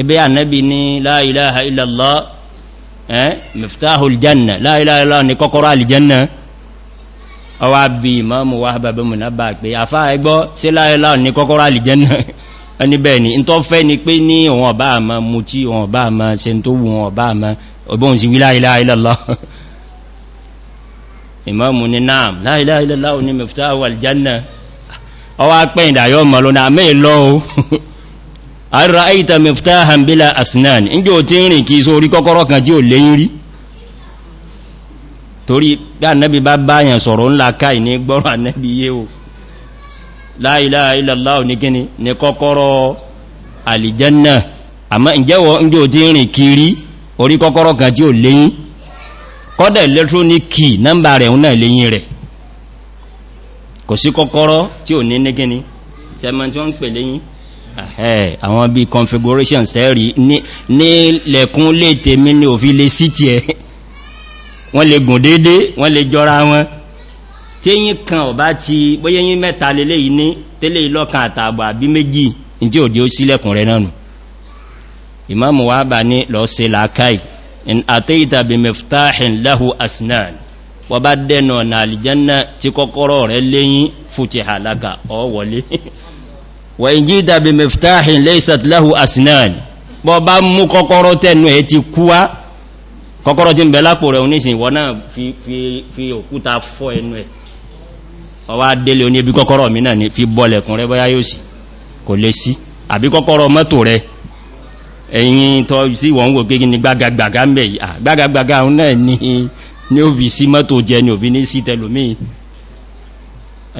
ẹbẹ́ ànẹ́bì ní la ilaha illallah miftahul janna la ilaha illallah ní kọ́kọ́rọ́ aljanna ọwá bí imamu Wahb bin Munabbih pé afá ẹgbọ́ sí la ilaha ní kọ́kọ́rọ́ aljanna *laughs* ẹni bẹ́ẹ̀ ni tó fẹ́ ni pé ní *laughs* ìmọ́mù ni náà la ilaha illallah ní miftahu aljanna ọwá pẹ́ ìdàyọ́ mọ̀ lónà mẹ́ lọ́wọ́ *laughs* ara aita miftahan bila asnan injo tí ń rìn kí so orí kọ́kọ́rọ́ kan jí ò léyìn rí torí bí annabi bá báyàn sọ̀rọ̀ ńlá káì ní gbọ́rọ̀ annabi yé o la ilaha illallah ní kíni ní kọ́kọ́rọ́ aljanna àmọ́ kọ́dẹ̀ electroniki nọ́mbà rẹ̀ ń náà lẹ́yìn rẹ̀ kò sí kọ́kọ́rọ́ tí ò ní ní gíní tẹ́mọ̀ tí wọ́n ń pè lẹ́yìn àwọn bí configuration sẹ́rí ní lẹ̀kún lè tèmi ní òfi lè sí ti ẹ̀ wọ́n lè gùn dédé wọ́n lè jọra wọn tí yín kan ọ̀bá ti bóyẹ́yìn mẹ́ta lélé yìí ní tẹ́lẹ̀ ìlọ́kan àtààbà bí méjì tí ò dé ó sílẹ̀kùn rẹ̀ náà nù ìmọ́mù wá bà ní lọ se làákàì in àtẹ́ìta bí mẹ́ftáhìn láhù asnan wọ bá dẹ̀nà na alìjanna tí kọ́kọ́rọ̀ rẹ̀ lẹ́yìn fúti halaka ọ wọlé wọ ìjíta bí mẹ́ftáhìn lẹ́sàt láhù asnan bọ́ bá mú kọ́kọ́rọ̀ tẹ́nu ẹ ti kúwá kọ́kọ́rọ̀ tí ń bẹ̀lápò rẹ̀ oníṣìn wọ́n náà fi òkúta fọ́ ẹnu ẹ̀ ọwá délé oní ibi kọ́kọ́rọ̀ mi náà ni fi bọ́lẹ̀kùn rẹ̀ bọ́yá yóò sí kò lè sí àbí kọ́kọ́rọ̀ mọ́tò rẹ̀ ẹ̀yìn tọ́ sí wọ́n wò gẹ́gẹ́ ní gbágagbàgá mẹ́yí àgbágagbàgá òun náà ni ní ó fi sí mọ́tò jẹ ní òfin ní sí tẹlòmí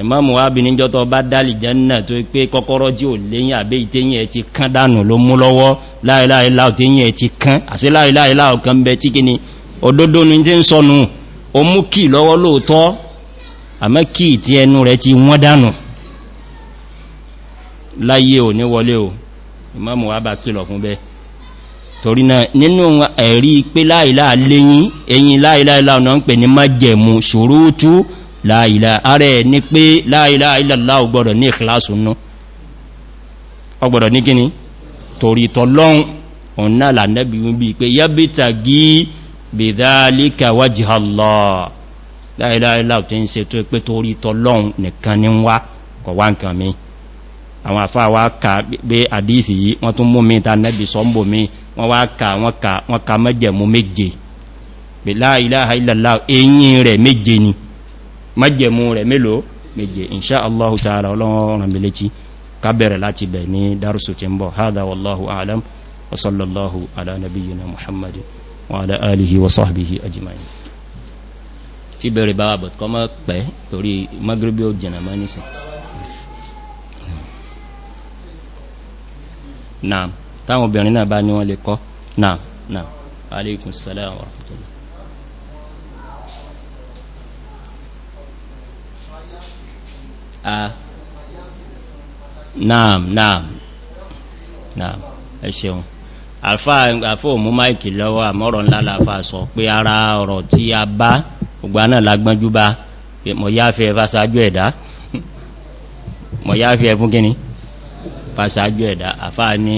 ìmọ́mù wá bí níjọ́ tọ́ bá dálì jẹ́ náà tó pé kọ́kọ́rọ́ jí ò léyìn àbẹ́ ìtẹ́yìn ẹ̀ ti kán dànù ló mú lọ́wọ́ láìláìláò tẹ́yìn ẹ̀ ti kán àti láìláìláò kan bẹ tí kíni òdódó o mú kí lọ́wọ́ fún bẹ́ẹ̀ torí náà nínú ẹ̀rí pé láìlá léyìn ẹ̀yìn láìlá ìlà ọ̀nà ń pè ní májẹ̀mú ṣòrótú láìlá ààrẹ ní pé láìlá ìlàlá ọgbọ̀rọ̀ ní ìkìláṣù nú ọgbọ̀rọ̀ ní kíni torí tọ́lọ́un ọ̀nà lànẹ́bí wíbí pé yábítà gí bèdálíkà wájìhàlọ́ láìlá ìlà ọ̀tẹ́ ń se tó pé torí tọ́lọ́un nìkan ní wá kọ̀wá nǹkan mi àwọn àfáà wá kà pé àdífì yìí wọ́n tún mú mi ta nẹ́bí sọ́mbò mi wọ́n wá ka wọ́n ka wọ́n ka mẹ́jẹ̀mú méje pè la ilaha illallah eyín rẹ̀ méje ni mẹ́jẹ̀mú rẹ̀ mélòó méje inṣá allahu ta'ala ọlọ́run ràn mí létí ká bẹ̀rẹ̀ láti bẹ̀ ní dárùsù tí ń bọ̀ naam táwọn obìnrin náà bá ní wọ́n lè kọ́ náà náà alaikum salaam wa rahmatullah naam naam naam ẹ ṣeun àfá òmú máìkì lọ́wọ́ àmọ́rọ̀ ńlá láfà sọ pé ara ọ̀rọ̀ tí a bá ògbà náà lágbọ́njú bá mọ̀ yá fẹ́ fásájú ẹ̀dá mọ̀ yá fẹ́ fún kíní fásájú ẹ̀dá àfá ní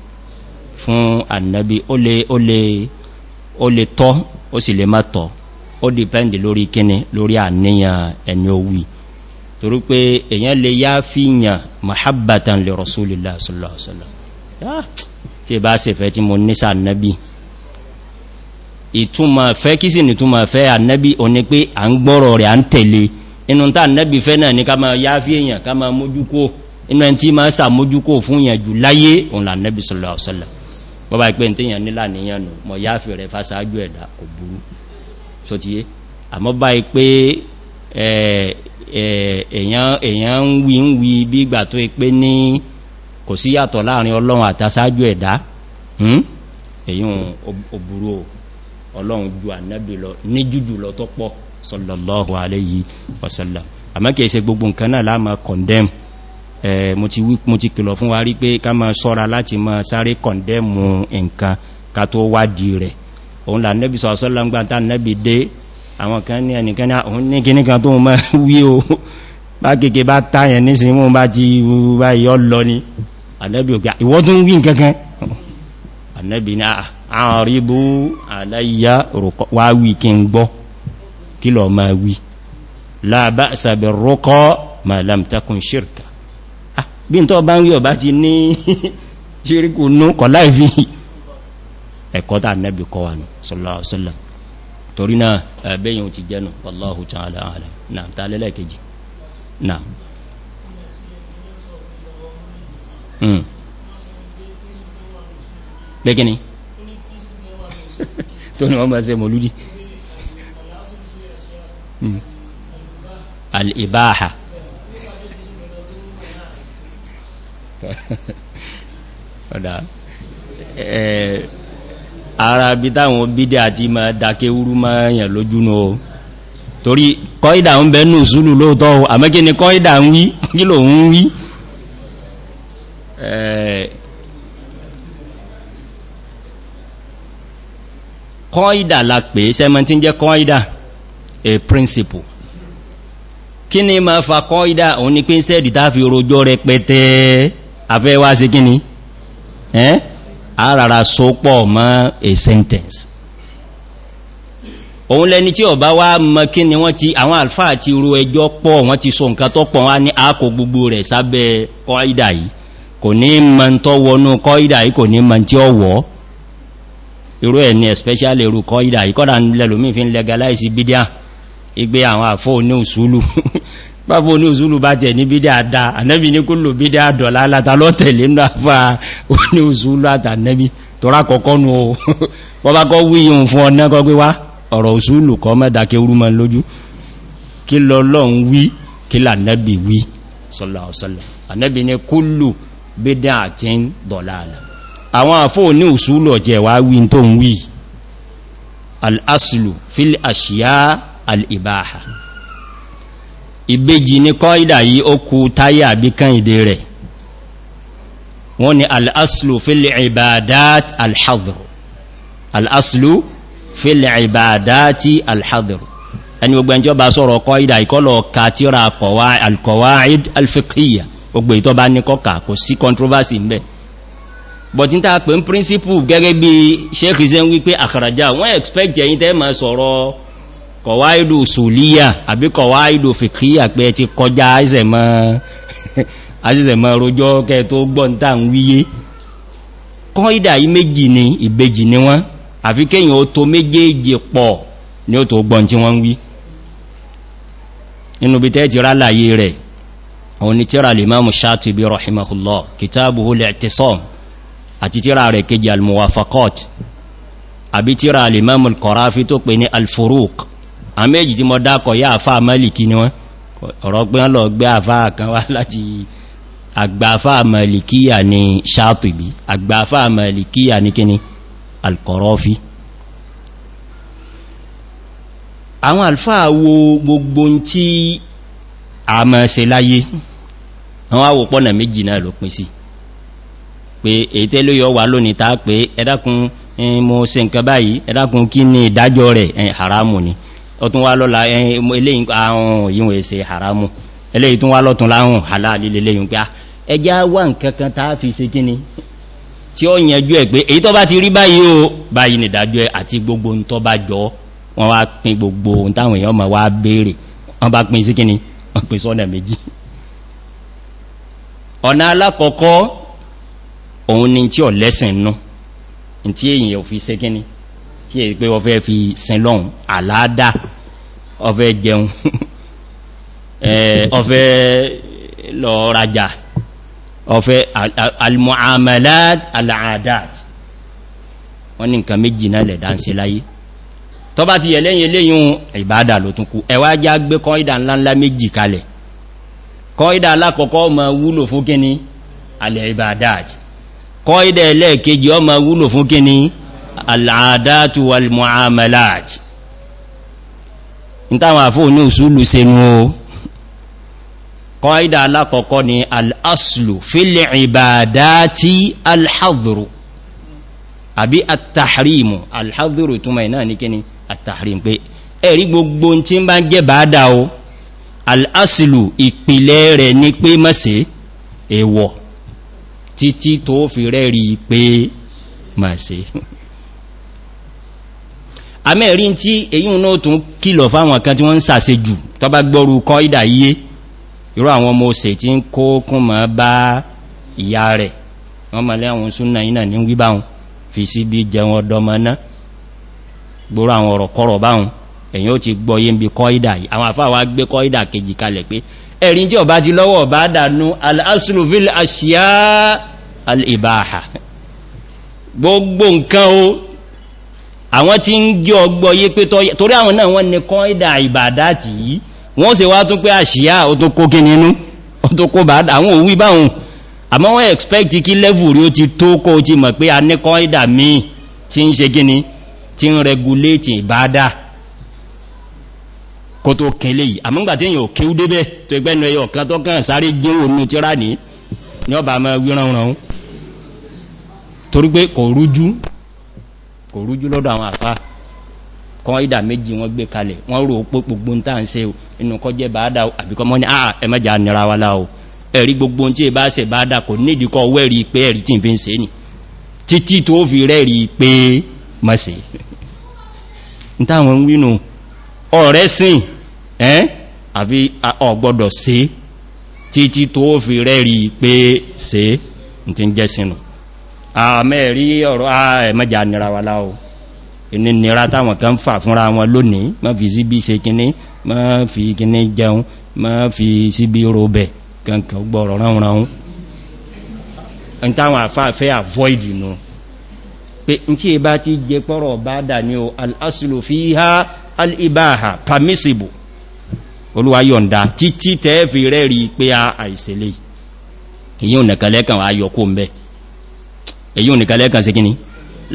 fún annabi ó lè ó lè ó le tọ́ o sì lè má tọ́ ó dìpẹ́ndì lórí kíni lórí àníyàn ẹni owí torí pé èyàn lè yá fíyàn mahabbatan li rasulillah sallallahu alaihi wasallam ah, tí bá ṣe fẹ́ tí mo nísà annabi ìtumọ̀ fẹ́ kí sí nìtumọ̀ fẹ́ annabi o ní pé à ń gbọ́rọ̀ rẹ̀ à ń tẹ̀lé inú tá annabi fẹ́ náà ní ká máa yá fí èyàn ká máa mójúkó inú ẹni tí máa sàmójúkó fún yẹn jù láyé òun là annabi sallallahu alaihi bọ́bá ìpé tíyàn nílà níyàn nù mọ̀ yáàfì rẹ̀ fásáájú ẹ̀dà kò burú so ti yé àmọ́ bá ìpé èyàn ń wí ń wí bí ìgbà tó ìpé ní kò sí yàtọ̀ láàrin ọlọ́run àtàsáájú ẹ̀dá hmm? èyàn òbúrú ọlọ́run sallallahu alayhi wa sallam àmọ́ la máa mo ti kìlọ̀ fún wa rí pé ká ma sọ́ra láti ma sáré kọ̀ndẹ́mù nǹkan ká tó wádì rẹ̀ òun là nẹ́bì sọ́sọ́lá gbáta nẹ́bì dé àwọn kan ní ẹnìkan ní àwọn ní kíní kan tó mọ́ *laughs* wí o bá kéèké bá táyẹn nísìn mú bá ah, kí lọ máa wí láàbá ìsàbẹ̀ ma lam takun bí n tọ́ bá ń rí ọ̀bá ti ní *laughs* ṣíríkù nú kọ̀ láìfí ẹ̀kọ́ tàà nẹ́bì kọ́ wà ní sọ́lọ́sọ́lọ́ torí náà ẹ̀bẹ́yìn ti jẹ́nu wallahu ta'ala a'lam hmm. *laughs* hmm. al-ibaha ọ̀dá *laughs* eh, ara táwọn bídẹ̀ ma wúrú ma yàn lójú o torí kọ́ìdà ń lóòtọ́ o àmẹ́kí ni kọ́ìdà ń *laughs* eh, la pè sẹ́mọ́ tí ń jẹ́ kọ́ìdà a principle kí ni ma fa kọ́ìdà òun ni pé sẹ́ẹ̀dì tá fi rojọ́ afẹ́ wá ni, kíni ẹ́ àràrà sópọ̀ mọ́ a sentence òun lẹni tí ọba wá mọ́ kí ni wọ́n ti àwọn alfa àti ru ẹjọ́ pọ̀ wọ́n ti so nǹkan tó pọ̀ wá ní àkò gbogbo rẹ̀ sábẹ́ kọ́ìdà yìí kò ní mọ́ tó wọnú kọ́ìdà yìí kò ní mọ́ tí ó wọ́ irú ẹ̀ ni especially irú kọ́ìdà yìí kọ́dà lẹ́lòmí fi ń legalize bídíà igbe àwọn àfọ́ oní òsúlù *laughs* bábò ní òsúlù bá jẹ ní bídá àdá ànẹ́bí ní kó lò bídá àdọ̀lá látàlọ́ tẹ̀lé ń dáfà ní òsúlù àtànẹ́bí tọ́rá kọ̀kọ́ nù o bọ́bá *laughs* kọ́ wí ihun fún ọ̀nà kọ́ pé wá ọ̀rọ̀ òsúlù kọ́ mẹ́dàkẹ́ orúmọ lójú kí lọ lọ́n wí kí lànẹ́bí wí sọ́lọ̀ọ̀sọ́lọ̀ ànẹ́bí ní kó lò bídá al-ibaha ìbejì ní kọ́ ìdà yìí ó kú táyé àbí kan ìdè rẹ̀ wọ́n ni al'aslu fil ibadat al-hadru al'aslu fil ibadati al-hadru ẹni gbogbo ẹnjọ́ bá sọ̀rọ̀ kọ́ ìdà ìkọlọ̀ ka tíra al-qawaid al-fiqhiyya gbogbo ìtọ́ bá ní kọ́kà kò sí controversy ń bẹ̀ but n ta pè ń principle gẹ́gẹ́ bí sheikh zen wípé àkàràjá wọ́n expect ẹ̀yin tẹ́ ma sọ̀rọ̀ kọ̀wá ìlú sòlíyà àbí kọ̀wá ìlú fìkíyà pé ti kọjá àìsẹ̀mọ́ *laughs* rojọ́ kẹ tó gbọ́ntà ń wíyé kọ́ ìdà yí méjì ni ìbejì ni wọ́n àfi kéyàn ó tó méjèèjì pọ̀ ni ó tó gbọ́n tí wọ́n wí inú bí tẹ́ ti rá láyé rẹ̀ òun ni tíra lè máa mú ṣáàtì bí rahimahullah kìtàbù hulẹ̀ tẹ́sọ́m àti tíra rẹ̀ kejì almuwafakot àbí tíra lè máa mú kọ̀ráfí tó pè ní alfuruk àmẹ́jì tí mọ́ dákọ̀ yá àfá mẹ́lìkì ni wọ́n ọ̀rọ̀ pé wọ́n lọ gbé àfá kan wá láti àgbàfá mẹ́lìkíyà ni Ṣátíbì àgbàfá mẹ́lìkíyà ni kíni Al-Qarafi àwọn alfa wo gbogbo tí a mọ́ ṣe láyé àwọn àwòpọ̀nà méjì náà ló pín sí pé èyí tẹ́lú yọ wà lónìí ta pé ẹ̀dákun mo ṣe nǹkan báyìí ẹ̀dákun kí ni ìdájọ́ rẹ̀ haramu ni ọtún wá lọ́la eléyìn àwọn yíwọ̀n èsè haramu eléyìn tún wá lọ́tún láhùn halal iléyìn pé ah, ẹjá wà nkankan tàà fi ṣe kíni tí ó yẹnjú ẹ̀ pé èyí tó bá ti rí báyìí o báyìí ni dájú ẹ àti gbogbo ń tó bá jọ wọ́n wá pín gbogbo ohun táwọn èèyàn ma wá béèrè tí è pé ọfẹ́ fi sinlọ́un àláádá ọfẹ́ jẹun *laughs* ọfẹ́ lọ rajà ọfẹ́ almuamalat al'adat wọ́n ní nǹkan méjì náà lẹ̀ dáńsẹ láyé tọ́ bá ti yẹ lẹ́yìn eléyìn ìbádà ló tún kú ẹwà já gbé kọ́ ìdà ńláńlá méjì kalẹ̀ kọ́ ìdà alákọ̀ọ́kọ́ ma wúlò fún kíní alẹ́ ìbádà kọ́ ìdà ẹlẹ́ẹ̀kejì ọ wúlò fún kíní al'adatu wal mu'amalat n táwọn àfóò ní òsúlù sínú o kọ́ìdá alákọ̀ọ́kọ́ ni al'aslu fílì ìbàdáti alhadru àbí attahrimu alhadru túnmà náà ní kíni attahrim pé ẹ̀rí gbogbo tí ń bá ń jẹ́ bàádá o al'aslu ìpìlẹ̀ rẹ̀ ní pé mọ́sẹ̀ èwọ̀ títí tó fi rẹ̀ pé mọ́sẹ̀ àmẹ́rí tí èyí náà tún kìlọ̀ fáwọn kan tí wọ́n ń sàse jù tó bá gbọ́rù kọ́ ìdà yíé irú àwọn ọmọ òsè tí ń kó kún mọ́ bá ìyá rẹ̀ wọ́n ma lé àwọn súnnà iná ní wíbá wọn fi sí bí jẹun ọdọmọ náà àwọn ọ̀rọ̀ kọ́rọ̀ báhùn ó ti gbọ́ yé ń kọ́ ìdà yìí àwọn àfáà gbé kọ́ ìdà kejì kalẹ̀ pé ẹ̀rin tí ọba ti lọ́wọ́ ọba dànú al-asulufil ashiya gbogbo nǹkan o àwọn tí ń jẹ́ ọgbọ́ yé pé torí àwọn náà wọ́n ní kọ́ ìdà ìbàdàtì yìí wọ́n se wá tún pé àṣíyà ó tó kó kíni inú ó tó kó bá àwọn òwú ìbáhùn àmọ́ wọ́n expect kí level rí ó ti tó kó ti mọ̀ pé a ní kọ́ ìdà míì tí ń ṣe kíni tí ń regulate ìbádà kó tó kẹlẹ̀ yìí àmúgbà tí torí pé kò rújú kò rújú lọ́dọ̀ àwọn àfá kan ìdà méjì wọ́n gbé kalẹ̀ wọ́n rò ó pé gbogbo ń tà ń se inú kọ́ jẹ́ bàádà àbíkọ́ mọ́ ní àà ẹmẹ́jà nira wa láò ẹ̀rí gbogbo tí bá se bàádà kò nídìí kọ́ wẹ́rí pé ẹ̀rí tí ń fi ń se nì títí tó fi rẹ́rí pé mọ́sí ń táwọn wínú ọ̀rẹ́ sìn ẹ́ àfi ọgbọ́dọ̀ se títí tó fi rẹ́rí pé se ń ti ń jẹ́ sínú àmẹ́rí ọ̀rọ̀ àẹ̀mẹ́jà nira wà láò inú nira táwọn kan fà fúnra wọn lónìí ma fi síbí ṣe kíní ma fi kíní jẹun ma fi síbí robẹ̀ kankan gbọ́rọ̀ ránranun n táwọn àfáàfẹ́ avoid nù pé n tí ìbá ti jẹ pọ́rọ̀ bá dà ní o al'asìlò fi ha al'ibaha permissible olúwa yọ̀nda títí tẹ́ẹ̀fì rẹ̀ rí pé a àìsẹ̀lẹ̀ yíò nẹ̀kẹ́lẹ́kàn ayọ̀kó mẹ́ èyí ò nìkan lẹ́ẹ̀kan sí kíní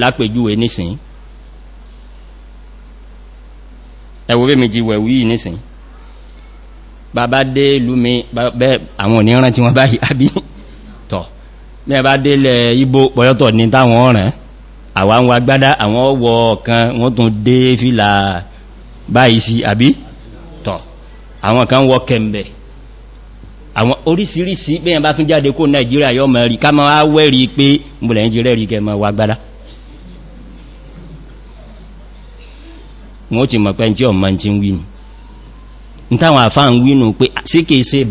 lápèjúwe nísìn ẹwọ bí mi ti wẹ̀wú yìí nísìn bàbá dé ìlú mi bẹ́ àwọn oníran tí wọ́n báyìí àbí tọ̀ mẹ́bá délẹ̀ ibo pọ̀yọ́tọ̀ ní táwọn ọ̀ràn àwa ń wa gbádá àwọn ọwọ́ kan wọ́n tún dé fìlà báyìí sí àbí tọ̀ àwọn kan wọ kẹ̀m̀bẹ̀ àwọn orísìírísìí bẹ́yàn bá tún jáde kó nàìjíríà yọ mọ̀ rí ká ma wá wẹ́rí pé múlẹ̀ ìjírẹ́ rí kẹ mọ̀ wà gbádá wọ́n ti mọ̀ pẹ́ tí ọmọ tí ń wínú ní táwọn àfáà ń wínú pé sí kìí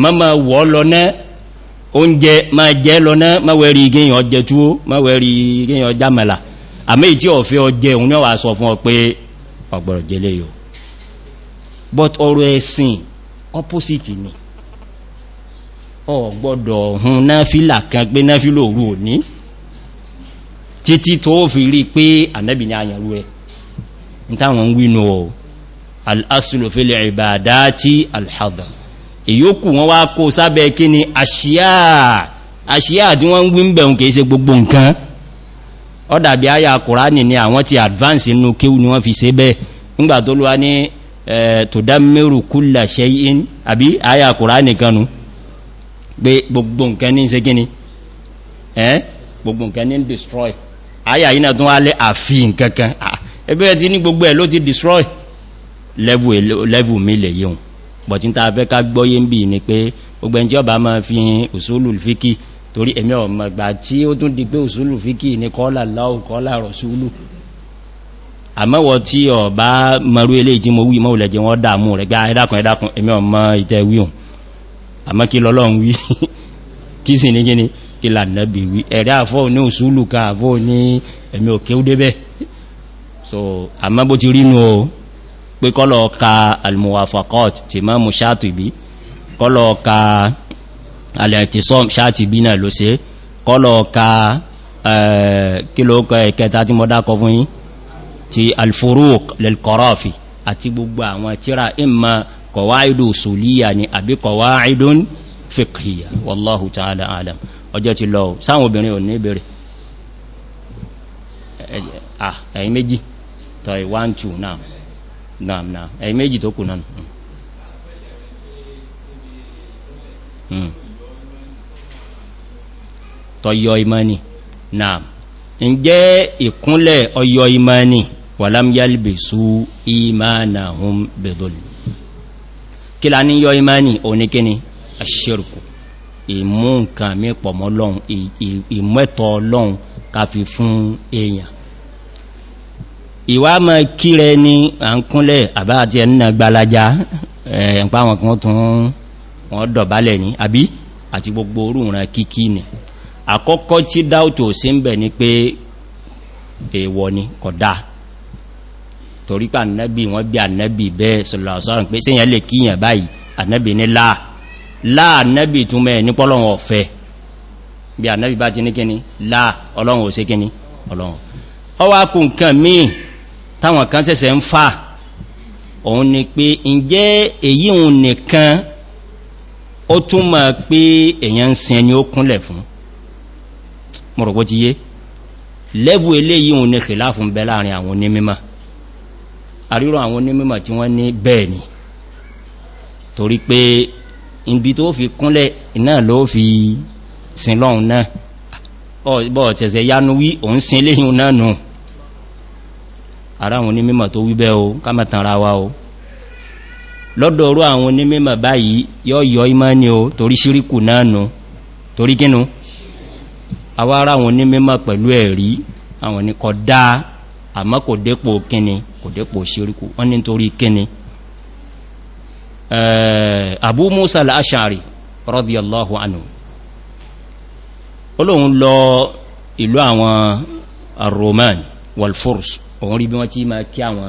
*laughs* ma *laughs* oúnjẹ ma jẹ́ lọ́nà mawẹ́rí gíyàn ọjẹ́ túwó mawẹ́rí gíyàn ọjá mẹ́lá àmì tí ọ̀fẹ́ ọjẹ́ òun náà wà sọ fún ọ pé ọgbọ̀rọ̀ jẹ́lẹ̀ yóò but ọrọ̀ ẹ̀sìn opposite ni ọ gbọ́dọ̀ hun náfílà kan gbé náfílò òru òní títí tó fi rí pé ànẹ́bì ni àyànrú ẹ ní táwọn ń wínú al-aslu ibadati al-hadar ìyókù wọn wá kó sábẹ́ kí ni àṣíyà àṣíyà tí wọ́n ń gbí ń bẹ̀rún kìí ṣe gbogbo nǹkan ó dàbí àyà kùránì ni àwọn ti advance inú kíw ni wọ́n fi ṣe bẹ́ẹ̀ nígbà tó lúwa ní tudammiru kulla shay'in àbí àyà kùránì kanu pé gbogbo nǹkan ní ṣe kí ni gbogbo nǹkan ní destroy àyà yìí náà tún wá lé àfi nǹkan kan ẹgbẹ́ ti ní gbogbo ẹ̀ ló ti destroy level mi lè yíun bọ̀tí ta fẹ́ ká gbọ́yé ń bí ní pé gbogbo ẹn tí ọba máa fi usulul fíkì torí ẹ̀mí ọmọ gbà tí ó tún di pé usulul fíkì ní kọ́lá láò kọ́lá rọ̀súlù àmọ́wọ̀ tí ọba mọ̀rú ilé tí mo wí mọ́ ìlẹ̀jẹ̀ wọ́n dàmú rẹ̀ gbá ẹ̀dàkùn ẹ̀dàkùn ẹ̀mí ọmọ so àmọ́ bó pé kọ́lọ̀ ka al-muwafaqat ti máa mú Ṣáàtìbí kọ́lọ̀ ka al-i'tisam Ṣáàtìbí náà ló ṣe kọ́lọ̀ ka kílòókọ ẹ̀kẹta tí mọ́dá kọ fún yí ti al-furuq lil-Qarafi àti gbogbo àwọn tíra imma qawaidu usuliyya ni àbí qawaidun fiqhiyya wallahu ta'ala alam ọjọ́ ti lọ sáwọn obìnrin ò ní ìbẹ̀rẹ̀ ẹ̀yìn méjì tọ́ 1 2 now náà náà ẹ̀yìn méjì tó kù náà tọ́yọ imani náà ń jẹ́ ìkúnlẹ̀ ọyọ imani wàlámyálbè sú imana hun bedolu kí la ní yọ imani oníkíni aṣírùkù ìmú nǹkan mẹ́pọ̀ mọ́ lọ́un ìmẹ́tọ̀ lọ́un ká fi fún èèyàn ìwà mọ̀ kíra ẹni à ń kúnlẹ̀ àbá àti ẹ̀nà gbalaja ẹ̀yẹ̀npá wọn kan tún wọn dọ̀bálẹ̀ ní àbí àti gbogbo orúran kíkí ni àkọ́kọ́ tí dáútò sí ń bẹ̀ ni pé èèwọ̀ ni kọ̀dá torí pé ànẹ́bì wọ́n bí ànẹ́bì bẹ́ẹ̀ sọ̀lọ̀sọ̀rọ̀ pé síyàn lè kíyàn báyìí ànẹ́bì ní láà láà ànẹ́bì tún mẹ́ ní pọ́lọ̀wọ̀n ọ̀fẹ́ bí ànẹ́bì bá ti ní kíní láà ọlọ́run ò sí kíní ọlọ́run ọwá kùn míì táwọn kan sẹ́sẹ̀ ń fà òun ni pé ǹjẹ́ èyí òun nìkan ó tún mọ̀ pé èyàn ń sin ẹni ó kúnlẹ̀ fún mọ̀rọ̀gbọ́ ti yé lẹ́bù eléyìí òun ní kìlá fún bẹ láàrin àwọn onímímọ̀ àrírọ àwọn onímímọ̀ tí wọ́n ní bẹ́ẹ̀ ni torí pé ibi tó fi kúnlẹ̀ iná ló fi sin lọ́hun náà bọ́ọ̀ tẹ̀sẹ̀ yánú wí òun sin léyìn náà nù no ara wọn ní mímọ̀ tó wíbẹ́ o kámà tanra wa o lọ́dọ̀ọ̀rọ̀ àwọn onímọ̀ báyìí yọ́ yọ ìmánì o torí ṣíríkù náà nù torí gínú àwọ́ ara wọn onímọ̀ pẹ̀lú ẹ̀rí àwọn ní kọ dáa àmọ́ kò dépò kíni kò dépò ṣíríkù wọ́n ní torí kíni Abu Musa al-Ash'ari radiyallahu anhu olóhun lọ ìlú àwọn Roman òun rí bí wọ́n tí ma kí àwọn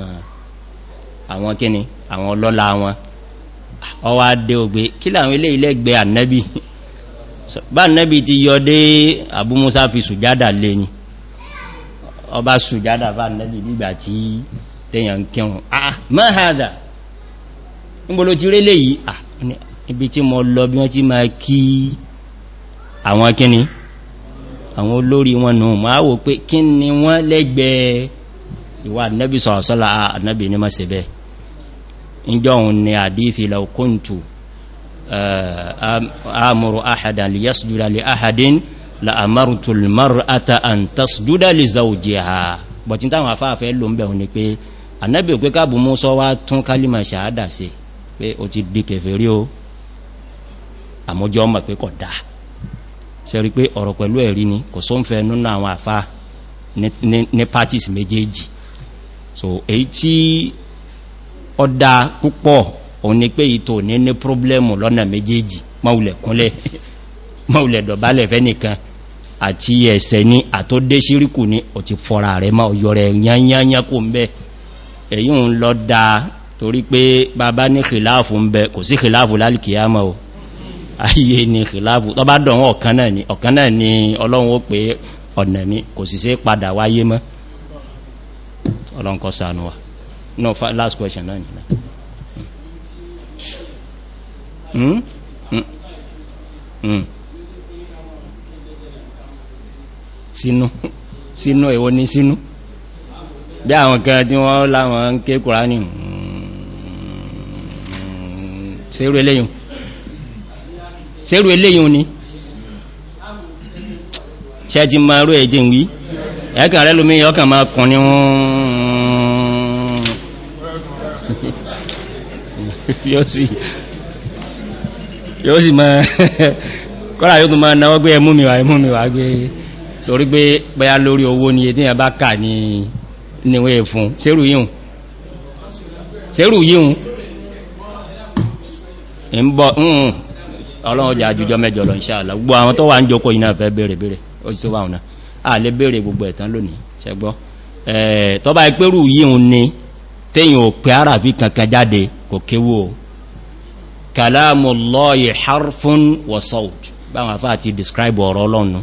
àwọn kíni àwọn ọlọ́lá wọn ọwá dé ògbé kí láwọn ilé ilé gbé ànẹ́bì bá ànẹ́bì ti yọ dé Abu fi sùjádà lè ọba sùjádà bá ànẹ́bì nígbà tí tẹ́yàn kẹun ah mahada, hadha níbolo ti rélé yìí ah ibi tí mo lọ bí wọ́n ti ma kí àwọn kíni àwọn olórí wọn nù máa wò pé kí ni wọ́n lẹ́gbẹ̀ẹ́ ìwà annabi sọ̀sọ́lá annabi ní máa sẹ̀bẹ̀ ìjọ òun ni àdífi laukuntu eh, amuru ahadan li yasjuda li ahadin la amartul mar'ata an tasjuda li zawjiha bọ̀tí táwọn afáfẹ́ ló ń bẹ̀rún ni pé annabi pé káàbù mú sọ wá tún kálímà ṣàádà sí pé o ti di kẹfẹ́ rí o àmójọ́ mọ̀ pé kọ̀ dáa ṣẹ̀rí pé ọ̀rọ̀ pẹ̀lú ẹ̀rí ni kò só nínú àwọn àfá ní parties méjèèjì so èyí tí ọdá púpọ̀ òun ni pé ìtò ní ní problemu lọ́nà méjèèjì maulẹ̀ kúnlẹ̀ maulẹ̀ dọ̀bálẹ̀ fẹ́nìkan àti ẹ̀sẹ̀ ni àtódé síríkù ni ò ti fọ́ra rẹ̀ ma ọ̀yọ̀ rẹ̀ yányányá kò ń bẹ́ èyí ń ni kìláàfù tọ́ bá dọ̀wọ́ ọ̀kan náà ni ọlọ́run ó pé ọ̀nà mi kò sì sí padà wáyé mọ́ ọlọ́nkọ́ sànú wa no last question náà nìyà Mm? Mm. Mm. sínú sínú èwo ní sínú bí àwọn kan tí wọ́n láwọn ń ké kùránì hmm. ṣerú eléyìn ṣerú eléyìn ni ṣe ti máa rú ẹ̀jẹ̀ wí ẹ̀ẹ́kà rẹ̀ lómi ọkà máa kùn ní wọ́n yóò sì máa kọ́lá yóò tún máa náwọ́ gbé ẹmú mi wà ẹmú mi wà gbé torí pé bẹ́yà lórí owó ni ètí ìyàbá kà ní níwé fún sẹ́rù yíhun sẹ́rù yíhun ń bọ̀ ọlọ́run jà àjújọ mẹ́jọ lọ ìṣàlá gbogbo àwọn tó wà ń jókòó yìí náà fẹ́ bèèrè bèèrè ó ti tó wà náà a lè bèèrè gbogbo ẹ̀tán lónìí ṣẹgbọ́ tọba ìpérù yíò ní tẹ́yìn ò ara fi kankan jáde kò kéwò kalamullahi harfun wa sawt báwọn afá ti describe ọ̀rọ̀ ọlọ́nu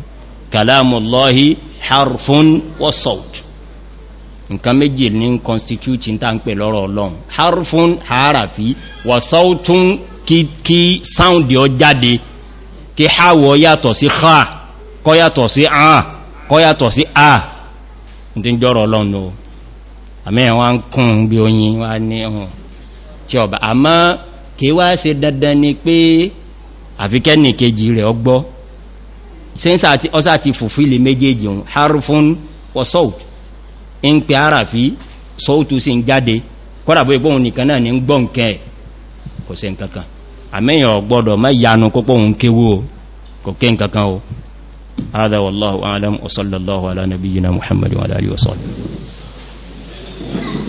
kalamullahi harfun wa sawt nǹkan méjì ní constitute ta ń pè lọ́rọ̀ ọlọ́run harfun harafi wa sawtun kí sound yọ jáde kí háwọ yàtọ̀ sí kha kọ yàtọ̀ sí àà kọ́yàtọ̀ sí a tí ń jọrọ lọ́nà àmẹ́yàn wá ń kún bí oyin wá ní ọ̀hún tí ọba àmọ́ kí wá ṣe dandan ni pé àfikẹ́nì kejì rẹ̀ ọgbọ́ ọsá ti méjèèjì ohun harfún wasout in pe ara fi sóòtú sí ń jáde kọ́dàbó ìpóhun nìkan náà ni ń gbọ́ nkẹ́ kò se nkankan àmẹ́yàn ọgbọ́dọ̀ mẹ́ yanu kópóhun kéwó kò ké nkankan o هذا والله أعلم وصلى الله على نبينا محمد وعلى آله وصحبه